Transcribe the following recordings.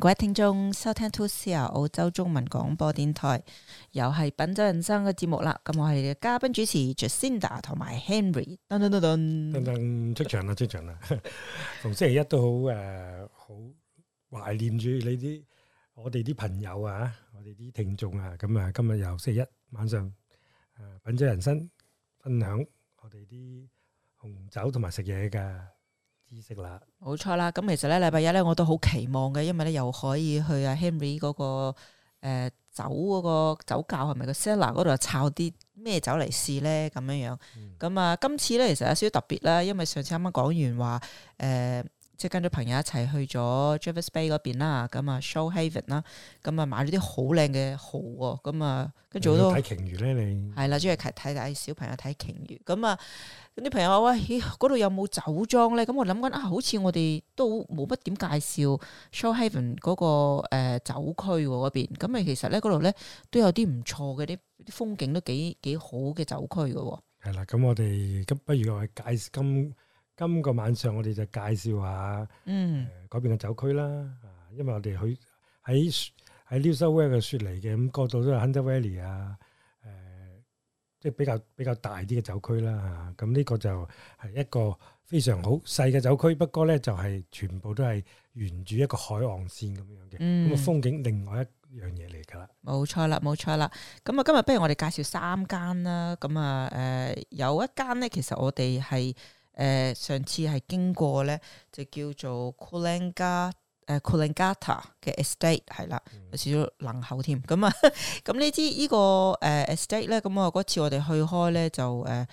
各位聽眾收聽 2CR 澳洲中文廣播電台，又係品酒人生嘅節目啦。咁我係你哋嘉賓主持 Jacinda 同埋 Henry。噔噔噔噔，噔噔出場啦，出場啦。逢星期一都好誒，好懷念住你啲我哋啲朋友啊，我哋啲聽眾啊。咁啊，今日又星期一晚上誒，品酒人生分享我哋啲紅酒同埋食嘢噶。知識啦，冇錯啦。咁其實咧，禮拜一咧，我都好期望嘅，因為咧又可以去阿 Henry 嗰、那個誒、呃、酒嗰個酒窖，係咪個 cellar 嗰度抄啲咩酒嚟試咧？咁樣樣。咁、嗯、啊，今次咧其實有少少特別啦，因為上次啱啱講完話誒。呃即係跟咗朋友一齊去咗 Jervis Bay 嗰邊啦，咁啊 Shoalhaven 啦，咁啊買咗啲好靚嘅蠔喎，咁啊跟住都睇鯨魚咧，你係啦，主要睇睇小朋友睇鯨魚，咁啊啲朋友話喂，嗰度有冇酒莊咧？咁我諗緊啊，好似我哋都冇乜點介紹 Shoalhaven 嗰、嗰個、呃、酒區嗰邊，咁啊其實咧嗰度咧都有啲唔錯嘅啲風景都幾幾好嘅酒區嘅喎。係啦，咁我哋咁不如我解今。.今個晚上我哋就介紹下，誒嗰、嗯呃、邊嘅酒區，嗯啊呃、區啦。啊，因為我哋去喺喺 New South Wales 嘅雪嚟嘅，咁嗰度都有 Hunter Valley 啊，誒，即係比較比較大啲嘅酒區啦。啊，咁呢個就係一個非常好細嘅酒區，不過咧就係、是、全部都係沿住一個海岸線咁樣嘅，咁啊、嗯、風景另外一樣嘢嚟㗎啦。冇錯啦，冇錯啦。咁啊，今日不如我哋介紹三間啦。咁啊，誒、呃、有一間咧，其實我哋係。誒、呃、上次係經過咧，就叫做 Coolangatta 誒 Coolangatta 嘅 estate 係啦，有少少冷口添。咁、uh, 啊，咁呢支依個誒 estate 咧，咁我嗰次我哋去開咧就誒，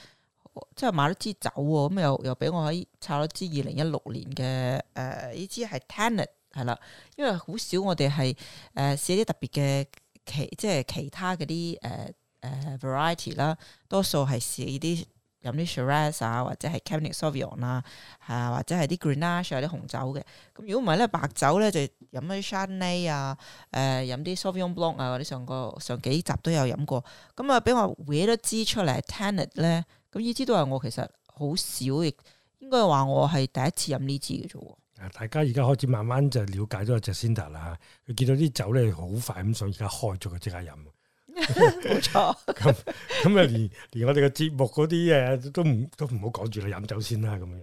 即、嗯、係買咗支酒喎，咁、啊、又又俾我喺拆咗支二零一六年嘅誒呢支係 Tannat 係啦，因為好少我哋係誒試啲特別嘅其即係、就是、其他嗰啲誒誒 variety 啦，多數係試啲。飲啲 Shiraz 啊，或者係 Cabernet Sauvignon 啦，啊，或者係啲 Grenache 啊啲紅酒嘅。咁如果唔係咧，白酒咧就飲啲 Chardonnay 啊，誒飲啲 Sauvignon Blanc 啊，嗰啲上個上幾集都有飲過。咁啊，俾我揀多支出嚟，Tannat 咧，咁呢支都係我其實好少，亦應該話我係第一次飲呢支嘅啫喎。大家而家開始慢慢就了解咗 Jacinda 啦，佢見到啲酒咧，好快咁想而家開咗佢即刻飲。冇錯，咁咁啊，連連我哋嘅節目嗰啲誒，都唔都唔好講住啦，飲酒先啦，咁樣，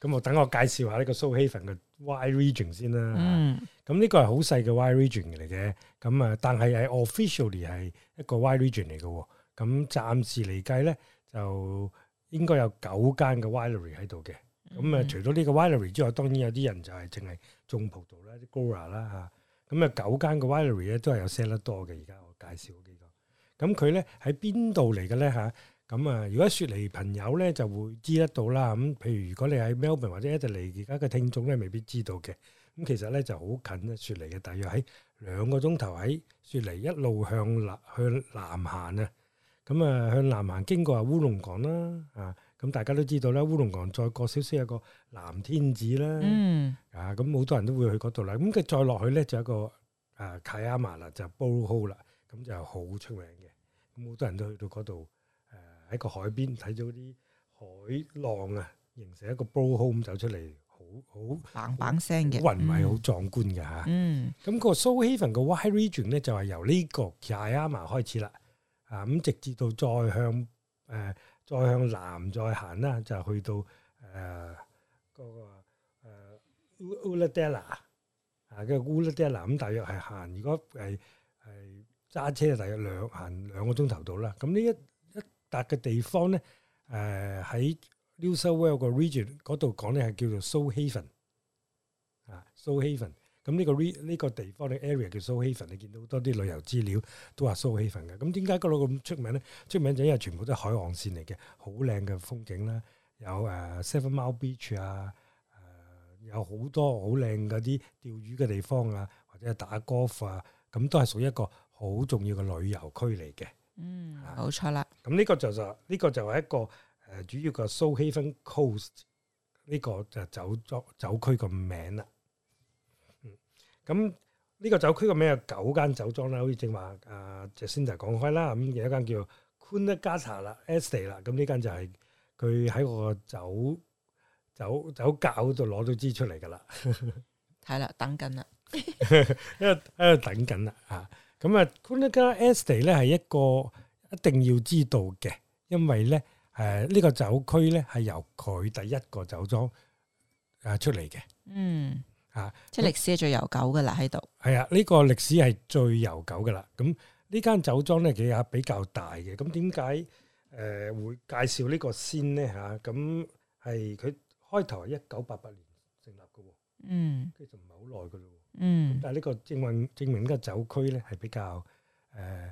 咁我等我介紹下呢個 Shoalhaven 嘅 Wine Region 先啦。嗯，咁呢個係好細嘅 Wine Region 嚟嘅，咁啊，但係喺 officially 係一個 Wine Region 嚟嘅。咁、啊、暫時嚟計咧，就應該有九間嘅 Winery 喺度嘅。咁、嗯、啊，除咗呢個 Winery 之外，當然有啲人就係淨係種葡萄啦，啲 Gra 啦吓。咁啊，九間嘅 Winery 咧都係有 sell 得多嘅。而家我介紹。咁佢咧喺邊度嚟嘅咧嚇？咁啊，如果雪梨朋友咧就會知得到啦。咁譬如如果你喺 Melbourne 或者 Adelaide 而家嘅聽眾咧，未必知道嘅。咁其實咧就好近咧，雪梨嘅，大約喺兩個鐘頭喺雪梨一路向南向南行啊。咁啊向南行經過烏龍港啦啊。咁大家都知道啦，烏龍港再過少少有個南天寺啦。嗯。啊，咁好多人都會去嗰度啦。咁佢再落去咧就有一個啊卡亞馬啦，就波浩啦。咁就係好出名嘅，咁好多人都去到嗰度，誒喺個海邊睇到啲海浪啊，形成一個 Blowhole 咁走出嚟，好好砰砰聲嘅，好雲迷，好壯觀嘅嚇。嗯，咁個 Shoalhaven 嘅 Wine Region 咧就係由呢個 Kiama 開始啦，啊咁直至到再向誒再向南再行啦，就去到誒嗰個 Ulladulla 啊，個 Ulladulla 咁大約係行如果係。揸車就大約兩行兩個鐘頭到啦。咁呢一一笪嘅地方咧，誒、呃、喺 New South Wales ven,、啊 ven, 嗰個 region 嗰度講咧係叫做 Shoalhaven 啊，Shoalhaven。咁呢個呢個地方嘅 area 叫 Shoalhaven，你見到多啲旅遊資料都話 Shoalhaven 嘅。咁點解嗰度咁出名咧？出名就因為全部都係海岸線嚟嘅，好靚嘅風景啦，有誒、呃、Seven Mile Beach 啊，誒、呃、有好多好靚嗰啲釣魚嘅地方啊，或者打 golf 啊，咁都係屬於一個好重要嘅旅遊區嚟嘅，嗯，冇錯啦。咁呢個就就呢個就係一個誒主要嘅 So Haven Coast 呢個誒酒莊酒區嘅名啦。嗯，咁呢個酒區嘅名有九間酒莊啦，好似正話阿謝先仔講開啦。咁、啊嗯、有一間叫做 Quinn 的加茶啦，Estay 啦，咁呢間就係佢喺個酒酒酒窖度攞到支出嚟噶啦。係啦，等緊啦，因為喺度等緊啦，吓、啊。咁啊，Coolangatta Estate 咧係一個一定要知道嘅，因為咧誒呢個酒區咧係由佢第一個酒莊誒出嚟嘅，嗯，嚇，即係歷史係最悠久嘅啦喺度。係啊，呢個歷史係最悠久嘅啦。咁呢間酒莊咧其實比較大嘅。咁點解誒會介紹呢個先咧嚇？咁係佢開頭係一九八八年成立嘅喎，嗯，其實唔係好耐嘅咯。嗯，但係呢個證明證明呢個酒區咧係比較誒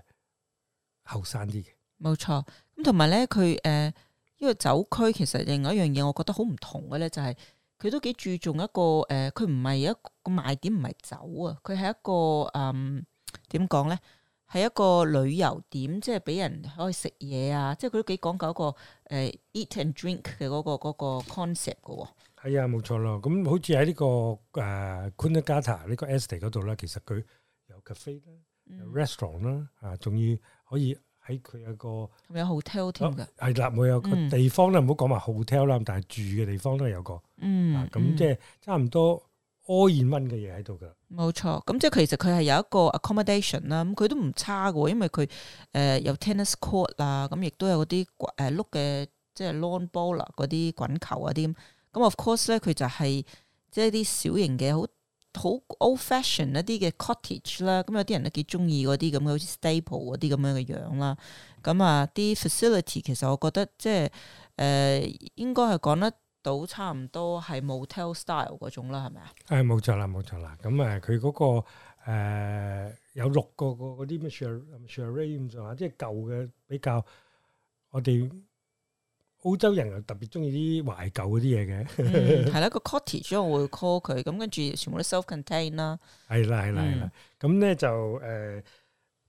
後生啲嘅，冇、呃、錯。咁同埋咧，佢誒呢、呃呢個酒區其實另外一樣嘢，我覺得好唔同嘅咧，就係佢都幾注重一個誒，佢唔係一個賣點唔係酒啊，佢係一個誒點講咧，係、呃、一個旅遊點，即係俾人可以食嘢啊，即係佢都幾講究一個誒、呃、eat and drink 嘅嗰、嗰個嗰、嗰個 concept 嘅、哦。係啊，冇、哎、錯咯。咁好似喺呢個誒 Coolangatta 呢個 estate 嗰度咧，其實佢有 cafe 啦，restaurant 啦、啊，嚇，仲要可以喺佢一個、嗯、有 hotel 添嘅。係啦、嗯，冇、啊、有，有個、嗯、地方咧，唔好講話 hotel 啦，但係住嘅地方都係有個嗯。嗯，咁即係差唔多 all-in-one 嘅嘢喺度㗎。冇、嗯嗯、錯，咁即係其實佢係有一個 accommodation 啦。咁佢都唔差嘅，因為佢誒、呃、有 tennis court 啦、嗯，咁亦都有嗰啲誒碌嘅，即係 lawn bowls 嗰啲滾球嗰啲。咁 of course 咧，佢就係即係啲小型嘅好好 old fashioned 一啲嘅 cottage 啦。咁有啲人都幾中意嗰啲咁嘅好似 staple 嗰啲咁樣嘅樣啦。咁啊啲 facility 其實我覺得即係誒應該係講得到差唔多係 motel style 嗰種啦，係咪啊？誒冇錯啦，冇錯啦。咁啊佢嗰個有六個個嗰啲咩即係舊嘅比較我哋。澳洲人又特別中意啲懷舊嗰啲嘢嘅，係啦、 嗯，個 cottage 我會 call 佢，咁跟住全部都 self-contained 啦。係啦，係啦，係啦。咁咧、嗯、就誒，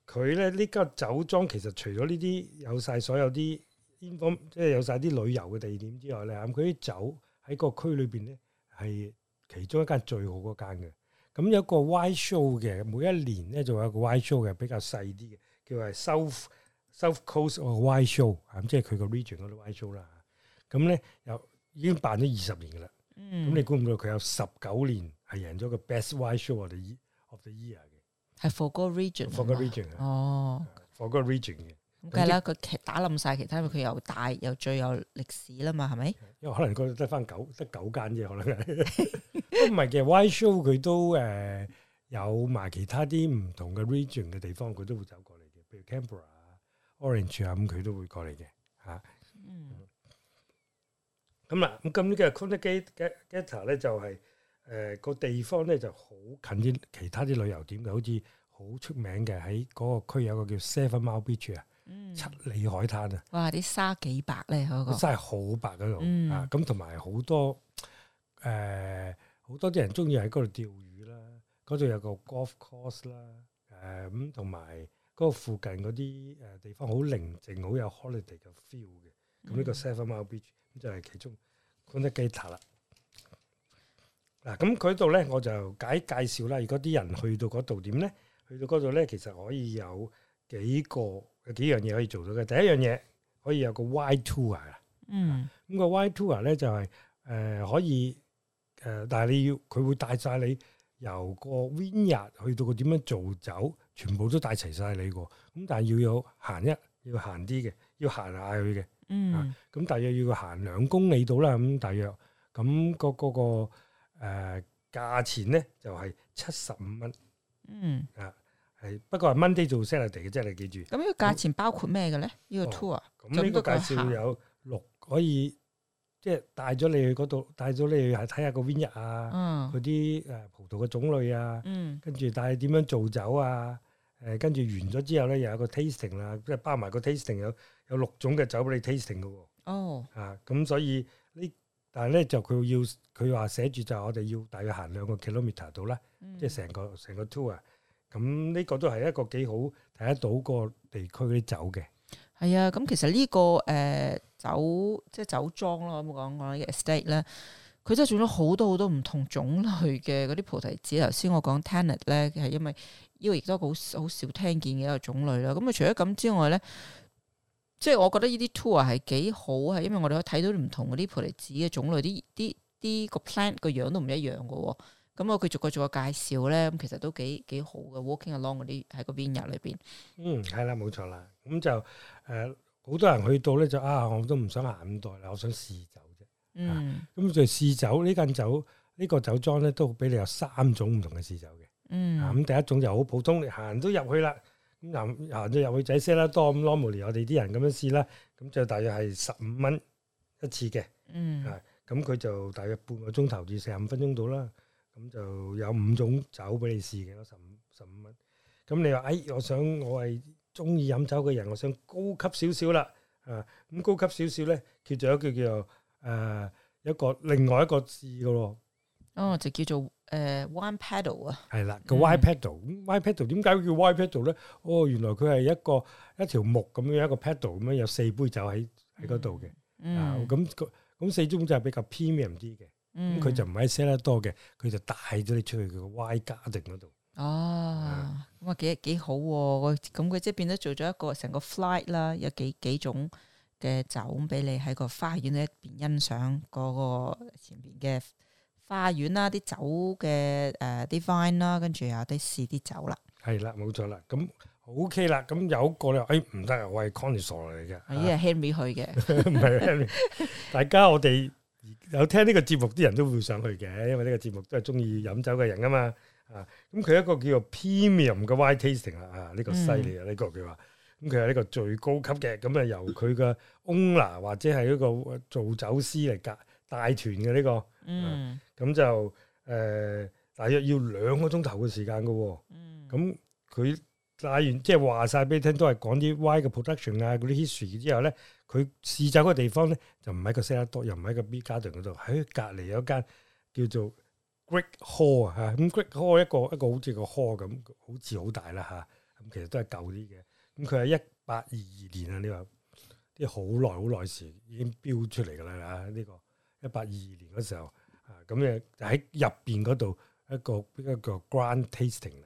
佢、呃、咧呢間酒莊其實除咗呢啲有晒所有啲煙火，即係有晒啲旅遊嘅地點之外咧，咁佢啲酒喺個區裏邊咧係其中一間最好嗰間嘅。咁有一個 wine show 嘅，每一年咧就有個 wine show 嘅，比較細啲嘅，叫係 s South Coast 個 Y Show 嚇，即係佢個 region 嗰啲 Y Show 啦。咁咧又已經辦咗二十年噶啦。咁你估唔到佢有十九年係贏咗個 Best Y Show 我哋 of the year 嘅、嗯，係 for the region，for the region 啊，哦，for the region 嘅、嗯。梗係啦，佢、嗯、打冧晒其他，因為佢又大又最有歷史啦嘛，係咪？因為可能佢得翻九得九間啫，可能。 唔係嘅 Y Show 佢都誒有埋其他啲唔同嘅 region 嘅地方，佢都會走過嚟嘅，譬如 Canberra Orange 啊，咁佢都會過嚟嘅嚇。啊、嗯，咁嗱，咁呢、這個 Coolangatta Estate 咧就係、是、誒、呃那個地方咧就好近啲其他啲旅遊點嘅，好似好出名嘅喺嗰個區有個叫 Seven Mile Beach 啊、嗯，七里海灘啊。哇！啲沙幾白咧，嗰個真係好白嗰度啊！咁同埋好多誒，好多啲人中意喺嗰度釣魚啦，嗰度有個 Golf Course 啦，誒咁同埋。嗰個附近嗰啲誒地方好寧靜，好有 holiday 嘅 feel 嘅、嗯。咁呢個 Seven Mile Beach 咁就係其中 Coolangatta 啦。嗱，咁佢度咧，我就解介紹啦。如果啲人去到嗰度點咧，去到嗰度咧，其實可以有幾個幾樣嘢可以做到嘅。第一樣嘢可以有個 wide tour 啊。嗯。咁個 wide tour 咧就係、是、誒、呃、可以誒、呃，但係你要佢會帶晒你由個 winery 去到個點樣做酒。全部都帶齊晒你喎，咁但係要有行一要行啲嘅，要行下去嘅，嗯，咁大約要行兩公里到啦，咁大約，咁嗰嗰個誒價錢咧就係七十五蚊，嗯，啊係不過係 Monday 做 Saturday 嘅，即係你記住。咁呢，嗯，個價錢包括咩嘅咧？呢個 tour，咁呢個介紹有六可，可以，即係帶咗你去嗰度，帶咗你去睇下個 vineyard 啊，嗰啲誒葡萄嘅種類啊，跟住帶你點樣做酒啊。誒跟住完咗之後咧，又有一個 tasting 啦，即係包埋個 tasting 有有六種嘅酒俾你 tasting 嘅喎。哦，嚇、啊！咁所以呢，嗯、但係咧、這個呃、就佢要佢話寫住就我哋要大約行兩個 kilometer 度啦，即係成個成個 tour。咁呢個都係一個幾好睇得到個地區啲酒嘅。係啊，咁其實呢個誒酒即係酒莊咯，咁講講啲 estate 咧，佢真係做咗好多好多唔同種類嘅嗰啲菩提子。頭先我講 Tannat 咧，係因為。呢個亦都好好少聽見嘅一個種類啦。咁、嗯、啊，除咗咁之外咧，即係我覺得呢啲 tour 係幾好，係因為我哋可以睇到唔同嗰啲菩提子嘅種類，啲啲啲個 plant 個樣都唔一樣嘅。咁我繼續繼續介紹咧，咁其實都幾幾好嘅。Walking along 嗰啲喺個邊入裏邊，嗯，係、嗯、啦，冇錯啦。咁就誒，好、呃、多人去到咧就啊，我都唔想行咁多啦，我想試酒啫。嗯，咁、啊、就試酒呢間酒呢、這個酒莊咧，都俾你有三種唔同嘅試酒嘅。嗯，咁第一種就好普通，你行都入去啦。咁行行咗入去仔細啦多咁，normally 我哋啲人咁樣試啦。咁就大約係十五蚊一次嘅。嗯，咁佢就大約半個鐘頭至四十五分鐘到啦。咁就有五種酒俾你試嘅，十五十五蚊。咁你話誒，我想我係中意飲酒嘅人，我想高級少少啦。啊，咁高級少少咧，佢仲有句叫做誒、呃，一個另外一個字噶咯。哦，就叫做。誒，wine paddle 啊，係啦個 wine paddle，wine paddle 點解叫 wine paddle 咧？哦，原來佢係一個一條木咁樣一個 paddle 咁樣，有四杯酒喺喺嗰度嘅。嗯，咁咁四樽就比較 premium 啲嘅，咁佢就唔係 sell 得多嘅，佢就帶咗你出去個 wine 家庭嗰度。哦，咁啊幾幾好，咁佢即係變得做咗一個成個 flight 啦，有幾幾種嘅酒俾你喺個花園呢一邊欣賞嗰個前邊嘅。花園啦，啲酒嘅誒 design 啦，跟住有啲試啲酒啦，係啦、OK，冇錯啦，咁 OK 啦，咁有一個咧，誒唔得啊，我係 consul 嚟嘅，係 Henry 去嘅，唔係 Henry。大家我哋有聽呢個節目啲人都會想去嘅，因為呢個節目都係中意飲酒嘅人啊嘛，啊，咁佢一個叫做 premium 嘅 wine tasting 啊，啊、這個，呢、嗯、個犀利啊，呢個佢話，咁佢係呢個最高級嘅，咁啊由佢嘅 owner 或者係一個做酒師嚟噶帶團嘅呢、這個。嗯，咁、嗯、就誒、呃，大約要兩個鐘頭嘅時間嘅喎、哦。嗯，咁佢帶完，即係話晒俾你聽，都係講啲 Y 嘅 production 啊，嗰啲 history 之後咧，佢試走嘅地方咧，就唔喺個 cellar door 又唔喺個 b garden 嗰度，喺隔離有一間叫做 Great Hall 啊，咁、嗯、Great Hall 一個一個好似個 hall 咁，好似好大啦吓，咁、啊、其實都係舊啲嘅。咁佢係一八二二年啊，嗯、年你話啲好耐好耐時已經標出嚟㗎啦，呢、啊呢個一八二二年嗰時候。啊！咁咧就喺入邊嗰度一個一個叫 Grand Tasting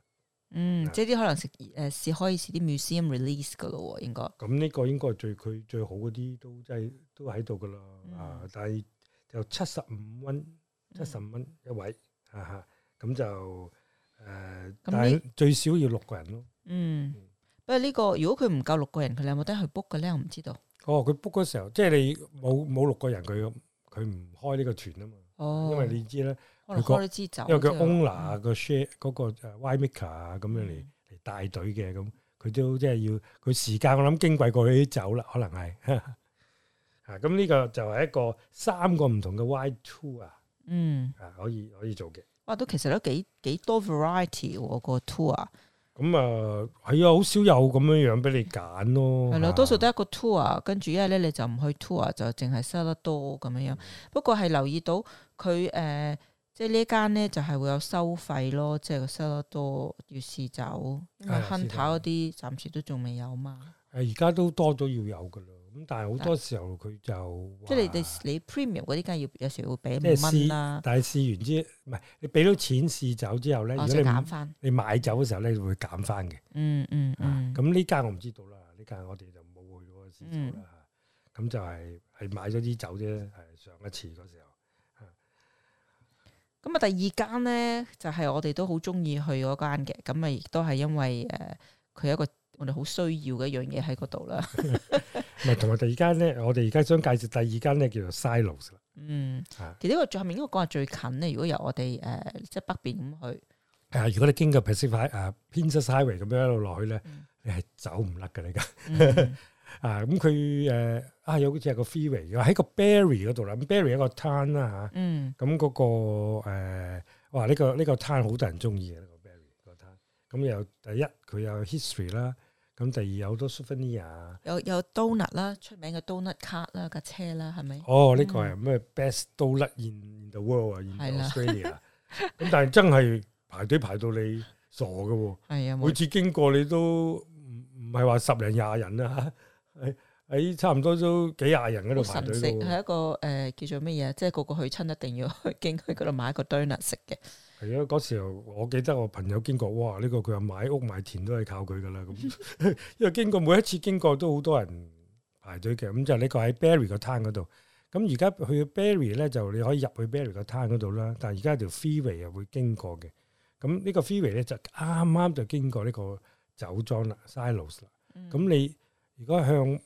嗯，即係啲可能食誒試可、呃、以試啲 Museum Release 噶咯，啊，應該咁呢個應該係最佢最好嗰啲都即係都喺度噶啦。啊，但係就七十五蚊，七十五蚊一位啊。吓咁就誒，但係最少要六個人咯。嗯，不過呢個如果佢唔夠六個人，佢有冇得去 book 嘅咧？我唔知道。哦，佢 book 嗰時候即係你冇冇六個人，佢佢唔開呢個團啊嘛。哦，因為你知啦，我哋都知咧，因為佢 owner 個 share 嗰個 winemaker 咁樣嚟嚟帶隊嘅咁，佢都即係要佢時間，我諗矜貴過啲走啦，可能係嚇。咁呢個就係一個三個唔同嘅 wine tour 啊，嗯，啊、可以可以做嘅。哇，都其實都幾幾多 variety 喎個 tour。咁啊，係、那個嗯、啊，好、啊、少有咁樣樣俾你揀咯。係咯、啊，啊、多數都一個 tour，跟住一係咧你 our, 就唔去 tour 就淨係收得多咁樣樣。嗯、不過係留意到。佢誒、呃，即係呢間咧，就係、是、會有收費咯，即係收得多，要試酒，因為 Hunter 嗰啲暫時都仲未有嘛。誒、啊，而家都多咗要有噶啦，咁但係好多時候佢就但哇即係你你 premium 嗰啲梗係要有時會俾五蚊啦。但係試完之唔係，你俾到錢試酒之後咧，哦、如果你減翻。你買酒嘅時候咧，會減翻嘅、嗯。嗯嗯嗯。咁呢間我唔知道啦，呢間我哋就冇去過試酒啦。咁就係係買咗啲酒啫，誒上一次嗰時候。咁啊，第二間咧就係、是、我哋都好中意去嗰間嘅，咁咪亦都係因為誒，佢、呃、有一個我哋好需要嘅一樣嘢喺嗰度啦。係，同埋第二間咧， 我哋而家想介紹第二間咧叫做 Silos 啦。嗯，其實、啊、個最後面應該講係最近咧，如果由我哋誒、呃、即係北邊咁去。啊，如果你經過 Pacific,、uh, Princes Highway 咁樣一路落去咧，你係走唔甩嘅你家。啊，咁佢誒啊，有好似係個 freeway，喺、啊、個 Berry 嗰度啦。咁 Berry 有個攤啦嚇，咁嗰個哇！呢、這個呢、這個攤好多人中意嘅呢個 Berry 個攤、嗯。咁又第一佢有 history 啦，咁第二 ia, 有好多 Souvenir，有有 donut 啦，出名嘅 donut car 啦、啊、架車啦，係咪？哦，呢、這個係咩、嗯、best donut in the world 啊？in Australia 咁，但係真係排隊排到你傻嘅喎，啊、哎呀！每次經過你都唔唔係話十零廿人啦、啊啊啊 喺、哎哎、差唔多都幾廿人嗰度排隊。係一個誒、呃、叫做乜嘢？即係個個去親一定要去景區嗰度買一個 donut 食嘅。係啊，嗰時候我記得我朋友經過，哇！呢、這個佢話買屋買田都係靠佢噶啦。咁、嗯、 因為經過每一次經過都好多人排隊嘅。咁、嗯、就是嗯、呢個喺 Berry 個攤嗰度。咁而家去 Berry 咧，就你可以入去 Berry 個攤嗰度啦。但係而家條 freeway 又會經過嘅。咁呢個 freeway 咧就啱啱就經過呢個酒莊啦，Silos 啦。咁你。嗯如果向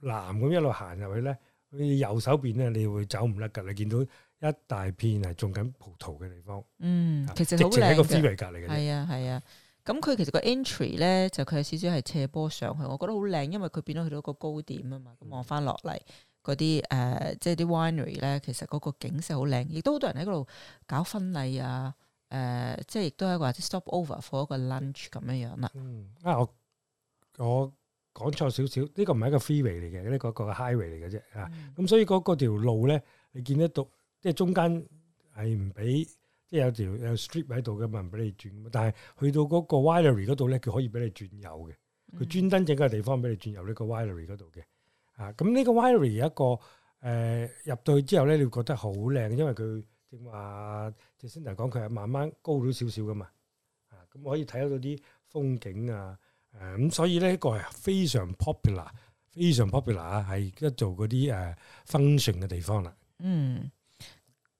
南咁一路行入去咧，佢右手邊咧，你會走唔甩噶，你見到一大片係種緊葡萄嘅地方。嗯，其實好隔靚嘅。係啊，係啊。咁佢其實個 entry 咧，就佢有少少係斜坡上去。我覺得好靚，因為佢變咗去到一個高點啊嘛。咁望翻落嚟嗰啲誒，即係啲 winery 咧，其實嗰個景色好靚，亦都好多人喺嗰度搞婚禮啊。誒、呃，即係亦都係話啲 stopover for 一個 lunch 咁樣樣啦。嗯，啊我我。我講錯少少，呢、這個唔係一個 freeway 嚟嘅，呢、這個個 highway 嚟嘅啫啊！咁、嗯嗯、所以嗰嗰條路咧，你見得到，即係中間係唔俾，即係有條有 strip 喺度嘅嘛，唔俾你轉。但係去到嗰個 winery 嗰度咧，佢可以俾你轉右嘅。佢專登整個地方俾你轉右呢、嗯嗯、個 winery 嗰度嘅啊！咁呢個 winery 有一個誒入到去之後咧，你會覺得好靚，因為佢正話頭先就講佢係慢慢高咗少少噶嘛啊！咁、嗯、可以睇得到啲風景啊。誒，咁所以呢一個係非常 popular，非常 popular 啊，係而家做嗰啲誒 function 嘅地方啦。嗯，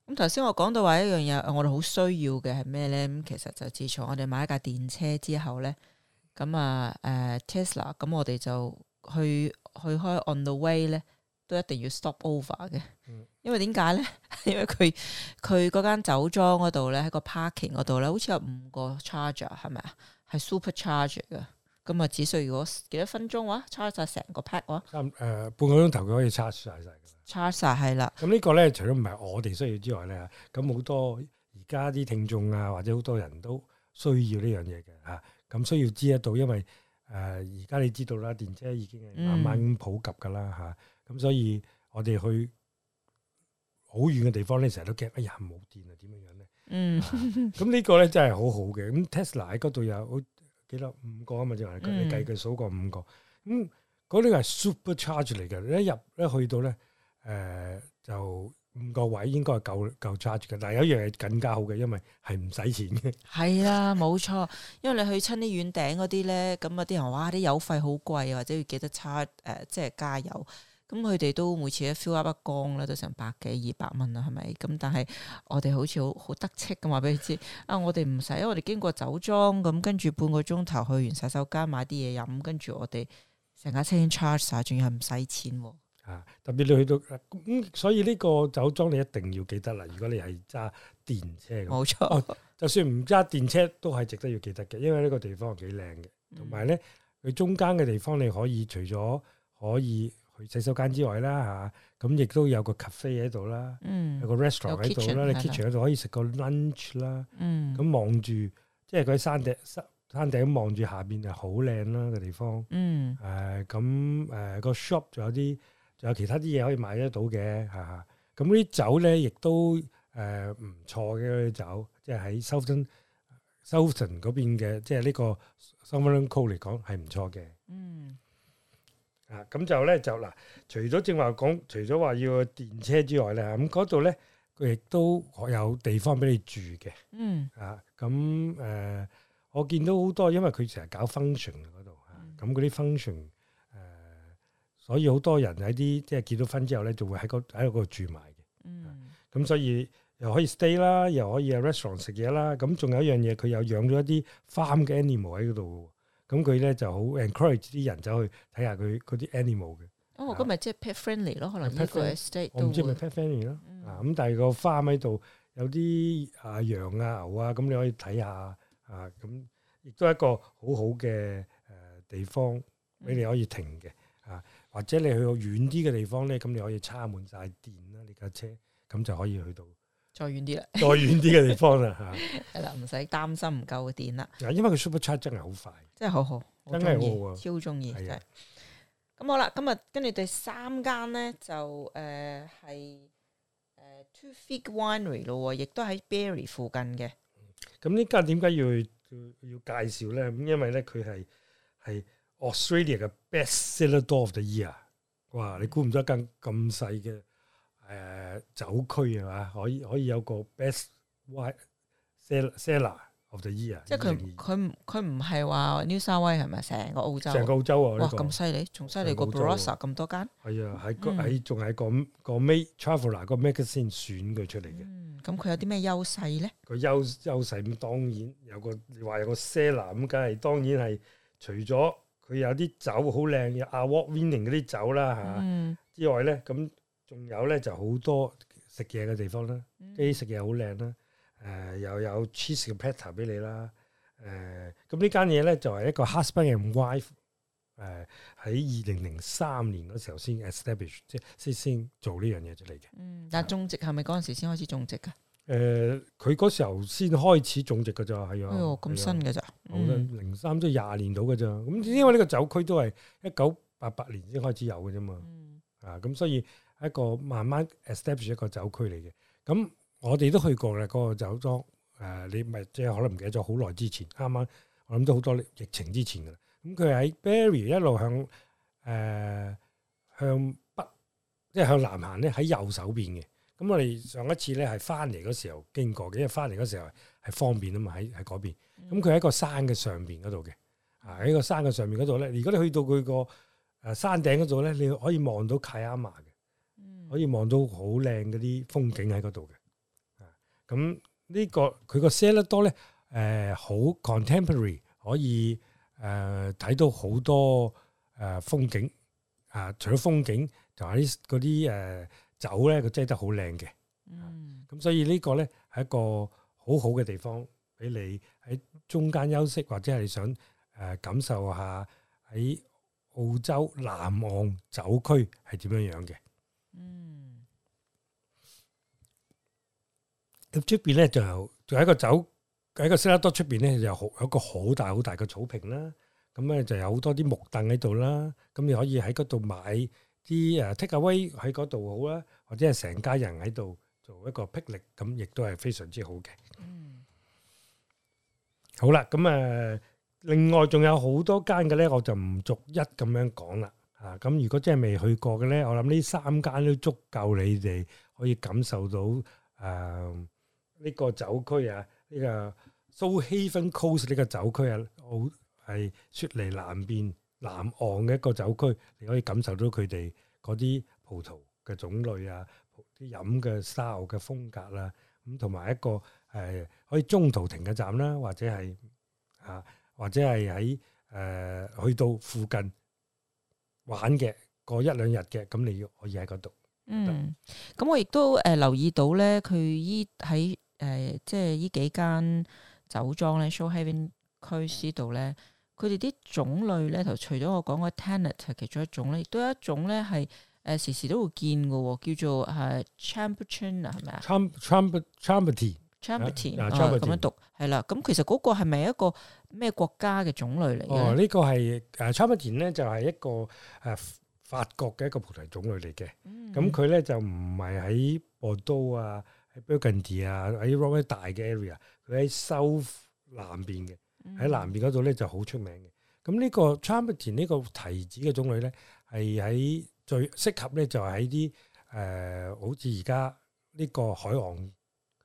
咁頭先我講到話一樣嘢，我哋好需要嘅係咩咧？咁其實就自從我哋買一架電車之後咧，咁啊，誒、啊、Tesla，咁我哋就去去開 on the way 咧，都一定要 stop over 嘅。因為點解咧？因為佢佢嗰間酒莊嗰度咧，喺個 parking 嗰度咧，好似有五個 charger，係咪啊？係 super charger 嘅。咁啊，只需要幾多分鐘話 charge 晒成個 pack 誒，半個鐘頭佢可以 charge 晒晒嘅。charge 晒係啦，咁呢個咧，除咗唔係我哋需要之外咧，咁好多而家啲聽眾啊，或者好多人都需要呢樣嘢嘅吓，咁、啊啊、需要知得到，因為誒而家你知道啦，電車已經係慢慢普及噶啦吓，咁、嗯啊、所以我哋去好遠嘅地方咧，成日都驚，哎呀冇電、嗯、 啊，點樣樣咧？嗯，咁呢個咧真係好好嘅，咁 Tesla 喺嗰度有。幾多五個啊嘛？即係你計佢數過五個，咁嗰啲係 super charge 嚟嘅。你一入一去到咧，誒、呃、就五個位應該係夠夠 charge 嘅。但係有一樣嘢更加好嘅，因為係唔使錢嘅、啊。係啦，冇錯，因為你去親啲遠頂嗰啲咧，咁啊啲人哇啲油費好貴，或者要記得 charge 誒、呃，即係加油。咁佢哋都每次一 fill up 一缸咧都成百幾二百蚊啦，係咪？咁但係我哋好似好好得戚咁話俾你知啊！我哋唔使，我哋經過酒莊咁，跟住半個鐘頭去完洗手間，買啲嘢飲，跟住我哋成架車 in charge 晒，仲要係唔使錢喎。啊！特別你去到、嗯、所以呢個酒莊你一定要記得啦。如果你係揸電車，冇錯，哦，就算唔揸電車都係值得要記得嘅，因為呢個地方幾靚嘅，同埋咧佢中間嘅地方你可以除咗可以。去洗手間之外啦嚇，咁亦都有個 cafe 喺度啦，有個 restaurant 喺度啦，你 kitchen 喺度可以食個 lunch 啦，咁望住即係佢喺山頂山山頂望住下邊就好靚啦個地方，誒咁誒個 shop 仲有啲仲有其他啲嘢可以買得到嘅嚇，咁啲酒咧亦都誒唔錯嘅酒，即係喺 Shoalhaven Shoalhaven 嗰邊嘅即係呢個 Shoalhaven Coast 嚟講係唔錯嘅。啊，咁就咧就嗱、啊，除咗正話講，除咗話要電車之外咧，咁嗰度咧佢亦都有地方俾你住嘅。嗯，啊，咁誒、呃，我見到好多，因為佢成日搞 function 嗰度，咁嗰啲 function 誒，所以好多人喺啲即係結咗婚之後咧，就會喺喺嗰度住埋嘅。嗯，咁、啊、所以又可以 stay 啦，又可以喺 restaurant 食嘢啦。咁、啊、仲、嗯、有一樣嘢，佢又養咗一啲 farm 嘅 animal 喺嗰度。咁佢咧就好 encourage 啲人走去睇下佢嗰啲 animal 嘅。哦，咁咪即係 pet friendly 咯，啊，可能呢個 estate。我唔、啊、知咪、就是、pet friendly 咯，嗯啊啊啊。啊，咁但係個花喺度，有啲啊羊啊牛啊，咁你可以睇下啊。咁亦都係一個好好嘅誒地方俾你可以停嘅啊。或者你去遠啲嘅地方咧，咁你可以插滿晒電啦，你架車，咁就可以去到。再遠啲啦，再遠啲嘅地方啦，嚇，係啦，唔使擔心唔夠電啦。嗱，因為佢 super chat 真係好快，真係好好，真係好好啊，超中意。係，咁好啦，今日跟住第三間咧，就誒係誒 Two Figs Winery 咯，亦都喺 Berry 附近嘅。咁呢間點解要要介紹咧？咁因為咧佢係係 Australia 嘅 Best Cellar Door of the Year。哇！你估唔到一間咁細嘅。誒，uh, 酒區啊嘛，可以可以有個 best wine seller of the year 即，即係佢佢佢唔係話 New South Wales 係咪成個澳洲？成個澳洲啊！哇，咁犀利，仲犀利個 Brosa 咁多間。係啊，喺喺仲係個個 Make Traveller 個 magazine 選佢出嚟嘅。咁佢、嗯、有啲咩優勢咧？佢優優勢咁，當然有個你話有個 seller 咁，梗係當然係除咗佢有啲酒好靚嘅 Award Winning 嗰啲酒啦吓，啊嗯、之外咧咁。嗯仲有咧，就好多食嘢嘅地方啦，啲食嘢好靚啦，誒又有 cheese 嘅 pattern 俾你啦，誒咁呢間嘢咧就係一個 husband and wife 誒喺二零零三年嗰時候先 establish，即係先先做呢樣嘢嚟嘅。嗯，但係種植係咪嗰陣時先開始種植噶？誒，佢嗰時候先開始種植嘅咋係啊。哎呦，咁新嘅咋？咁零三即係廿年度嘅咋？咁因為呢個酒區都係一九八八年先開始有嘅啫嘛。嗯。啊，咁所以。一個慢慢 establish 一個酒區嚟嘅，咁我哋都去過啦。嗰、那個酒莊，誒、呃、你咪即係可能唔記得咗好耐之前，啱啱我諗咗好多疫情之前嘅啦。咁、嗯、佢喺 Berry 一路向誒、呃、向北，即係向南行咧，喺右手邊嘅。咁我哋上一次咧係翻嚟嗰時候經過嘅，因為翻嚟嗰時候係方便啊嘛，喺喺嗰邊。咁佢喺一個山嘅上邊嗰度嘅，啊喺個山嘅上面嗰度咧，如果你去到佢個誒山頂嗰度咧，你可以望到契亞馬。可以望到好靚嗰啲風景喺嗰度嘅，啊，咁呢個佢個 cellar door 咧，誒好 contemporary，可以誒睇到好多誒風景，啊，除咗風景，同埋啲嗰啲誒酒咧，佢製得好靚嘅，嗯，咁所以呢個咧係、這個、一個好好嘅地方，俾你喺中間休息或者係想誒感受下喺澳洲南岸酒區係點樣樣嘅。嗯，咁出邊咧，就仲喺個酒喺個 cellar door 出邊咧，又好有一個好大好大嘅草坪啦。咁咧就有好多啲木凳喺度啦。咁你可以喺嗰度買啲誒 takeaway 喺嗰度好啦，或者係成家人喺度做一個 picnic，咁亦都係非常之好嘅。嗯，好啦，咁誒，另外仲有好多間嘅咧，我就唔逐一咁樣講啦。啊，咁如果真係未去過嘅咧，我諗呢三間都足夠你哋可以感受到，誒呢個酒區啊，呢個 Shoalhaven Coast 呢個酒區啊，好係雪梨南邊南岸嘅一個酒區，你可以感受到佢哋嗰啲葡萄嘅種類啊，啲飲嘅沙澳嘅風格啦，咁同埋一個誒可以中途停嘅站啦，或者係啊，或者係喺誒去到附近。玩嘅過一兩日嘅，咁你要可以喺嗰度。嗯，咁我亦都誒、呃、留意到咧，佢依喺誒即係依幾間酒莊咧 ，Shoalhaven 區呢度咧，佢哋啲種類咧，頭除咗我講嘅 Tannat 係其中一種咧，亦都有一種咧係誒時時都會見嘅、哦，叫做誒 Chambourin 係咪啊？Chambourin Champagne、uh, Ch 咁、哦、樣讀係啦，咁、嗯、其實嗰個係咪一個咩國家嘅種類嚟？嘅？哦，呢、這個係誒 Champagne r 咧，啊、就係一個誒、啊、法國嘅一個葡提種類嚟嘅。咁佢咧就唔係喺波都啊、喺 Belgian 啊、喺 r o 大嘅 area，佢喺收南邊嘅，喺、嗯、南邊嗰度咧就好出名嘅。咁呢、這個 Champagne r 呢個提子嘅種類咧，係喺最，最適合咧，就喺啲誒好似而家呢個海王。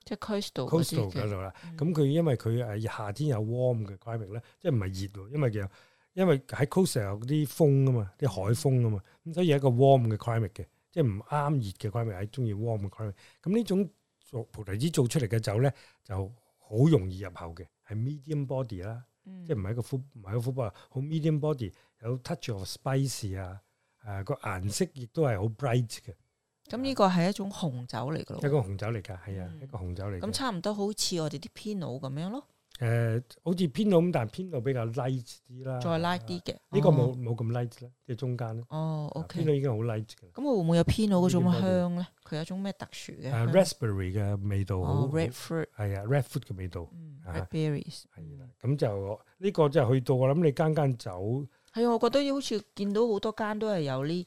即係 coast 度啦咁佢因為佢誒夏天有 warm 嘅 climate 啦即係唔係熱因為其實因為喺 coast 有啲風啊嘛啲海風啊嘛咁所以有一個 warm 嘅 climate 嘅即係唔啱熱嘅 climate 係中意 warm 嘅 climate 咁呢種做菩提子做出嚟嘅酒咧就好容易入口嘅係 medium body 啦、嗯、即係唔係一個 full 唔係一個 full body 好 medium body 有 touch of spice 啊誒個顏色亦都係好 bright 嘅咁呢個係一種紅酒嚟噶，一個紅酒嚟噶，係啊，一個紅酒嚟。咁差唔多好似我哋啲 p i n 咁樣咯。誒，好似 Pino 咁，但係 n o 比較 light 啲啦。再 light 啲嘅，呢個冇冇咁 light 啦，即係中間咧。哦，OK，呢個應該好 light 嘅。咁會唔會有 p 偏腦嗰種香咧？佢有種咩特殊嘅？r a s p b e r r y 嘅味道好 red fruit。係啊，red fruit 嘅味道。red berries。係啦，咁就呢個就去到我諗你間間酒。係啊，我覺得好似見到好多間都係有呢。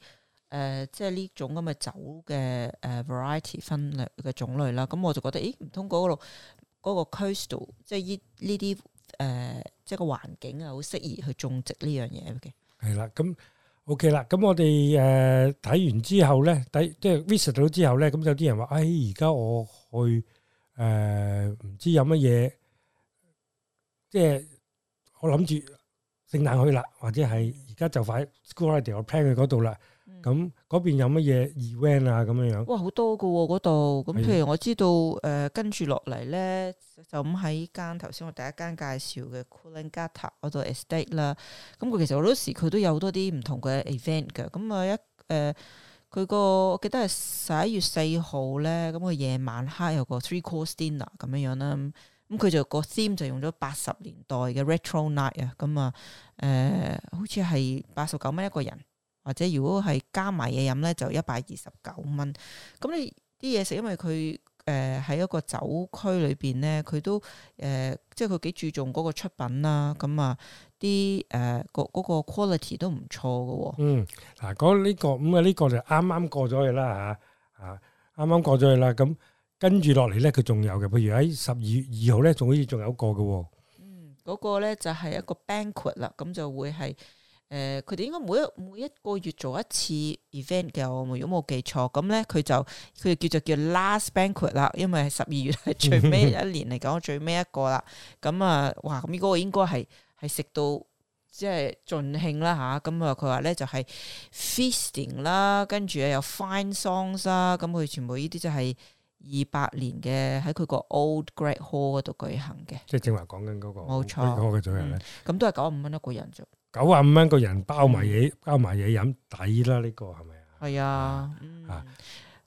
誒，即係呢種咁嘅酒嘅，誒，variety 分類嘅種類啦，咁我就覺得，誒唔通嗰度嗰個 coastal 度，即係呢呢啲誒，即係個環境啊，好適宜去種植呢樣嘢嘅。係啦，咁 OK 啦，咁我哋誒睇完之後咧，睇即係 visit 到之後咧，咁有啲人話，誒而家我去誒唔知有乜嘢，即係我諗住聖誕去啦，或者係而家就快 holiday 我 plan 去嗰度啦。咁嗰邊有乜嘢 event 啊？咁樣樣哇，好多噶喎嗰度。咁的譬如我知道，誒跟住落嚟咧，就咁喺間頭先我第一間介紹嘅 Coolangatta 嗰度 estate 啦。咁佢其實好多時佢都有好多啲唔同嘅 event 嘅。咁啊一誒，佢個我記得係十一月四號咧。咁佢夜晚黑有個 three course dinner 咁樣樣啦。咁佢就、個 theme 就用咗八十年代嘅 retro night 啊。咁啊誒，好似係八十九蚊一個人。或者如果係加埋嘢飲咧，就一百二十九蚊。咁你啲嘢食，因為佢誒喺一個酒區裏邊咧，佢都誒、呃，即係佢幾注重嗰個出品啦。咁啊，啲、呃、誒、嗰個、嗰個 quality 都唔錯噶。嗯，嗱、呢個，嗰呢個咁啊，啊啱啱呢個就啱啱過咗去啦吓吓，啱啱過咗去啦。咁跟住落嚟咧，佢仲有嘅，譬如喺十二月二號咧，仲好似仲有一個嘅、哦。嗯，嗰、嗰個咧就係、係、一個 banquet 啦，咁就會係。誒，佢哋、呃、應該每一每一個月做一次 event 嘅，如果冇記錯，咁咧佢就佢哋叫做叫 last banquet 啦，因為係十二月係最尾一年嚟講 最尾一個啦。咁啊，哇，咁呢個應該係係食到即係盡興啦吓。咁啊，佢話咧就係、是、feasting 啦，跟住又有 fine songs 啦、啊，咁佢全部呢啲就係二百年嘅喺佢個 old great hall 嗰度舉行嘅。即係正話講緊嗰個，冇錯錯，嗰個嘅主人咁都係九十五蚊一個人做。九啊五蚊個人包埋嘢，包埋嘢飲，抵啦，呢、這個係咪啊？係、嗯、啊，咁啊、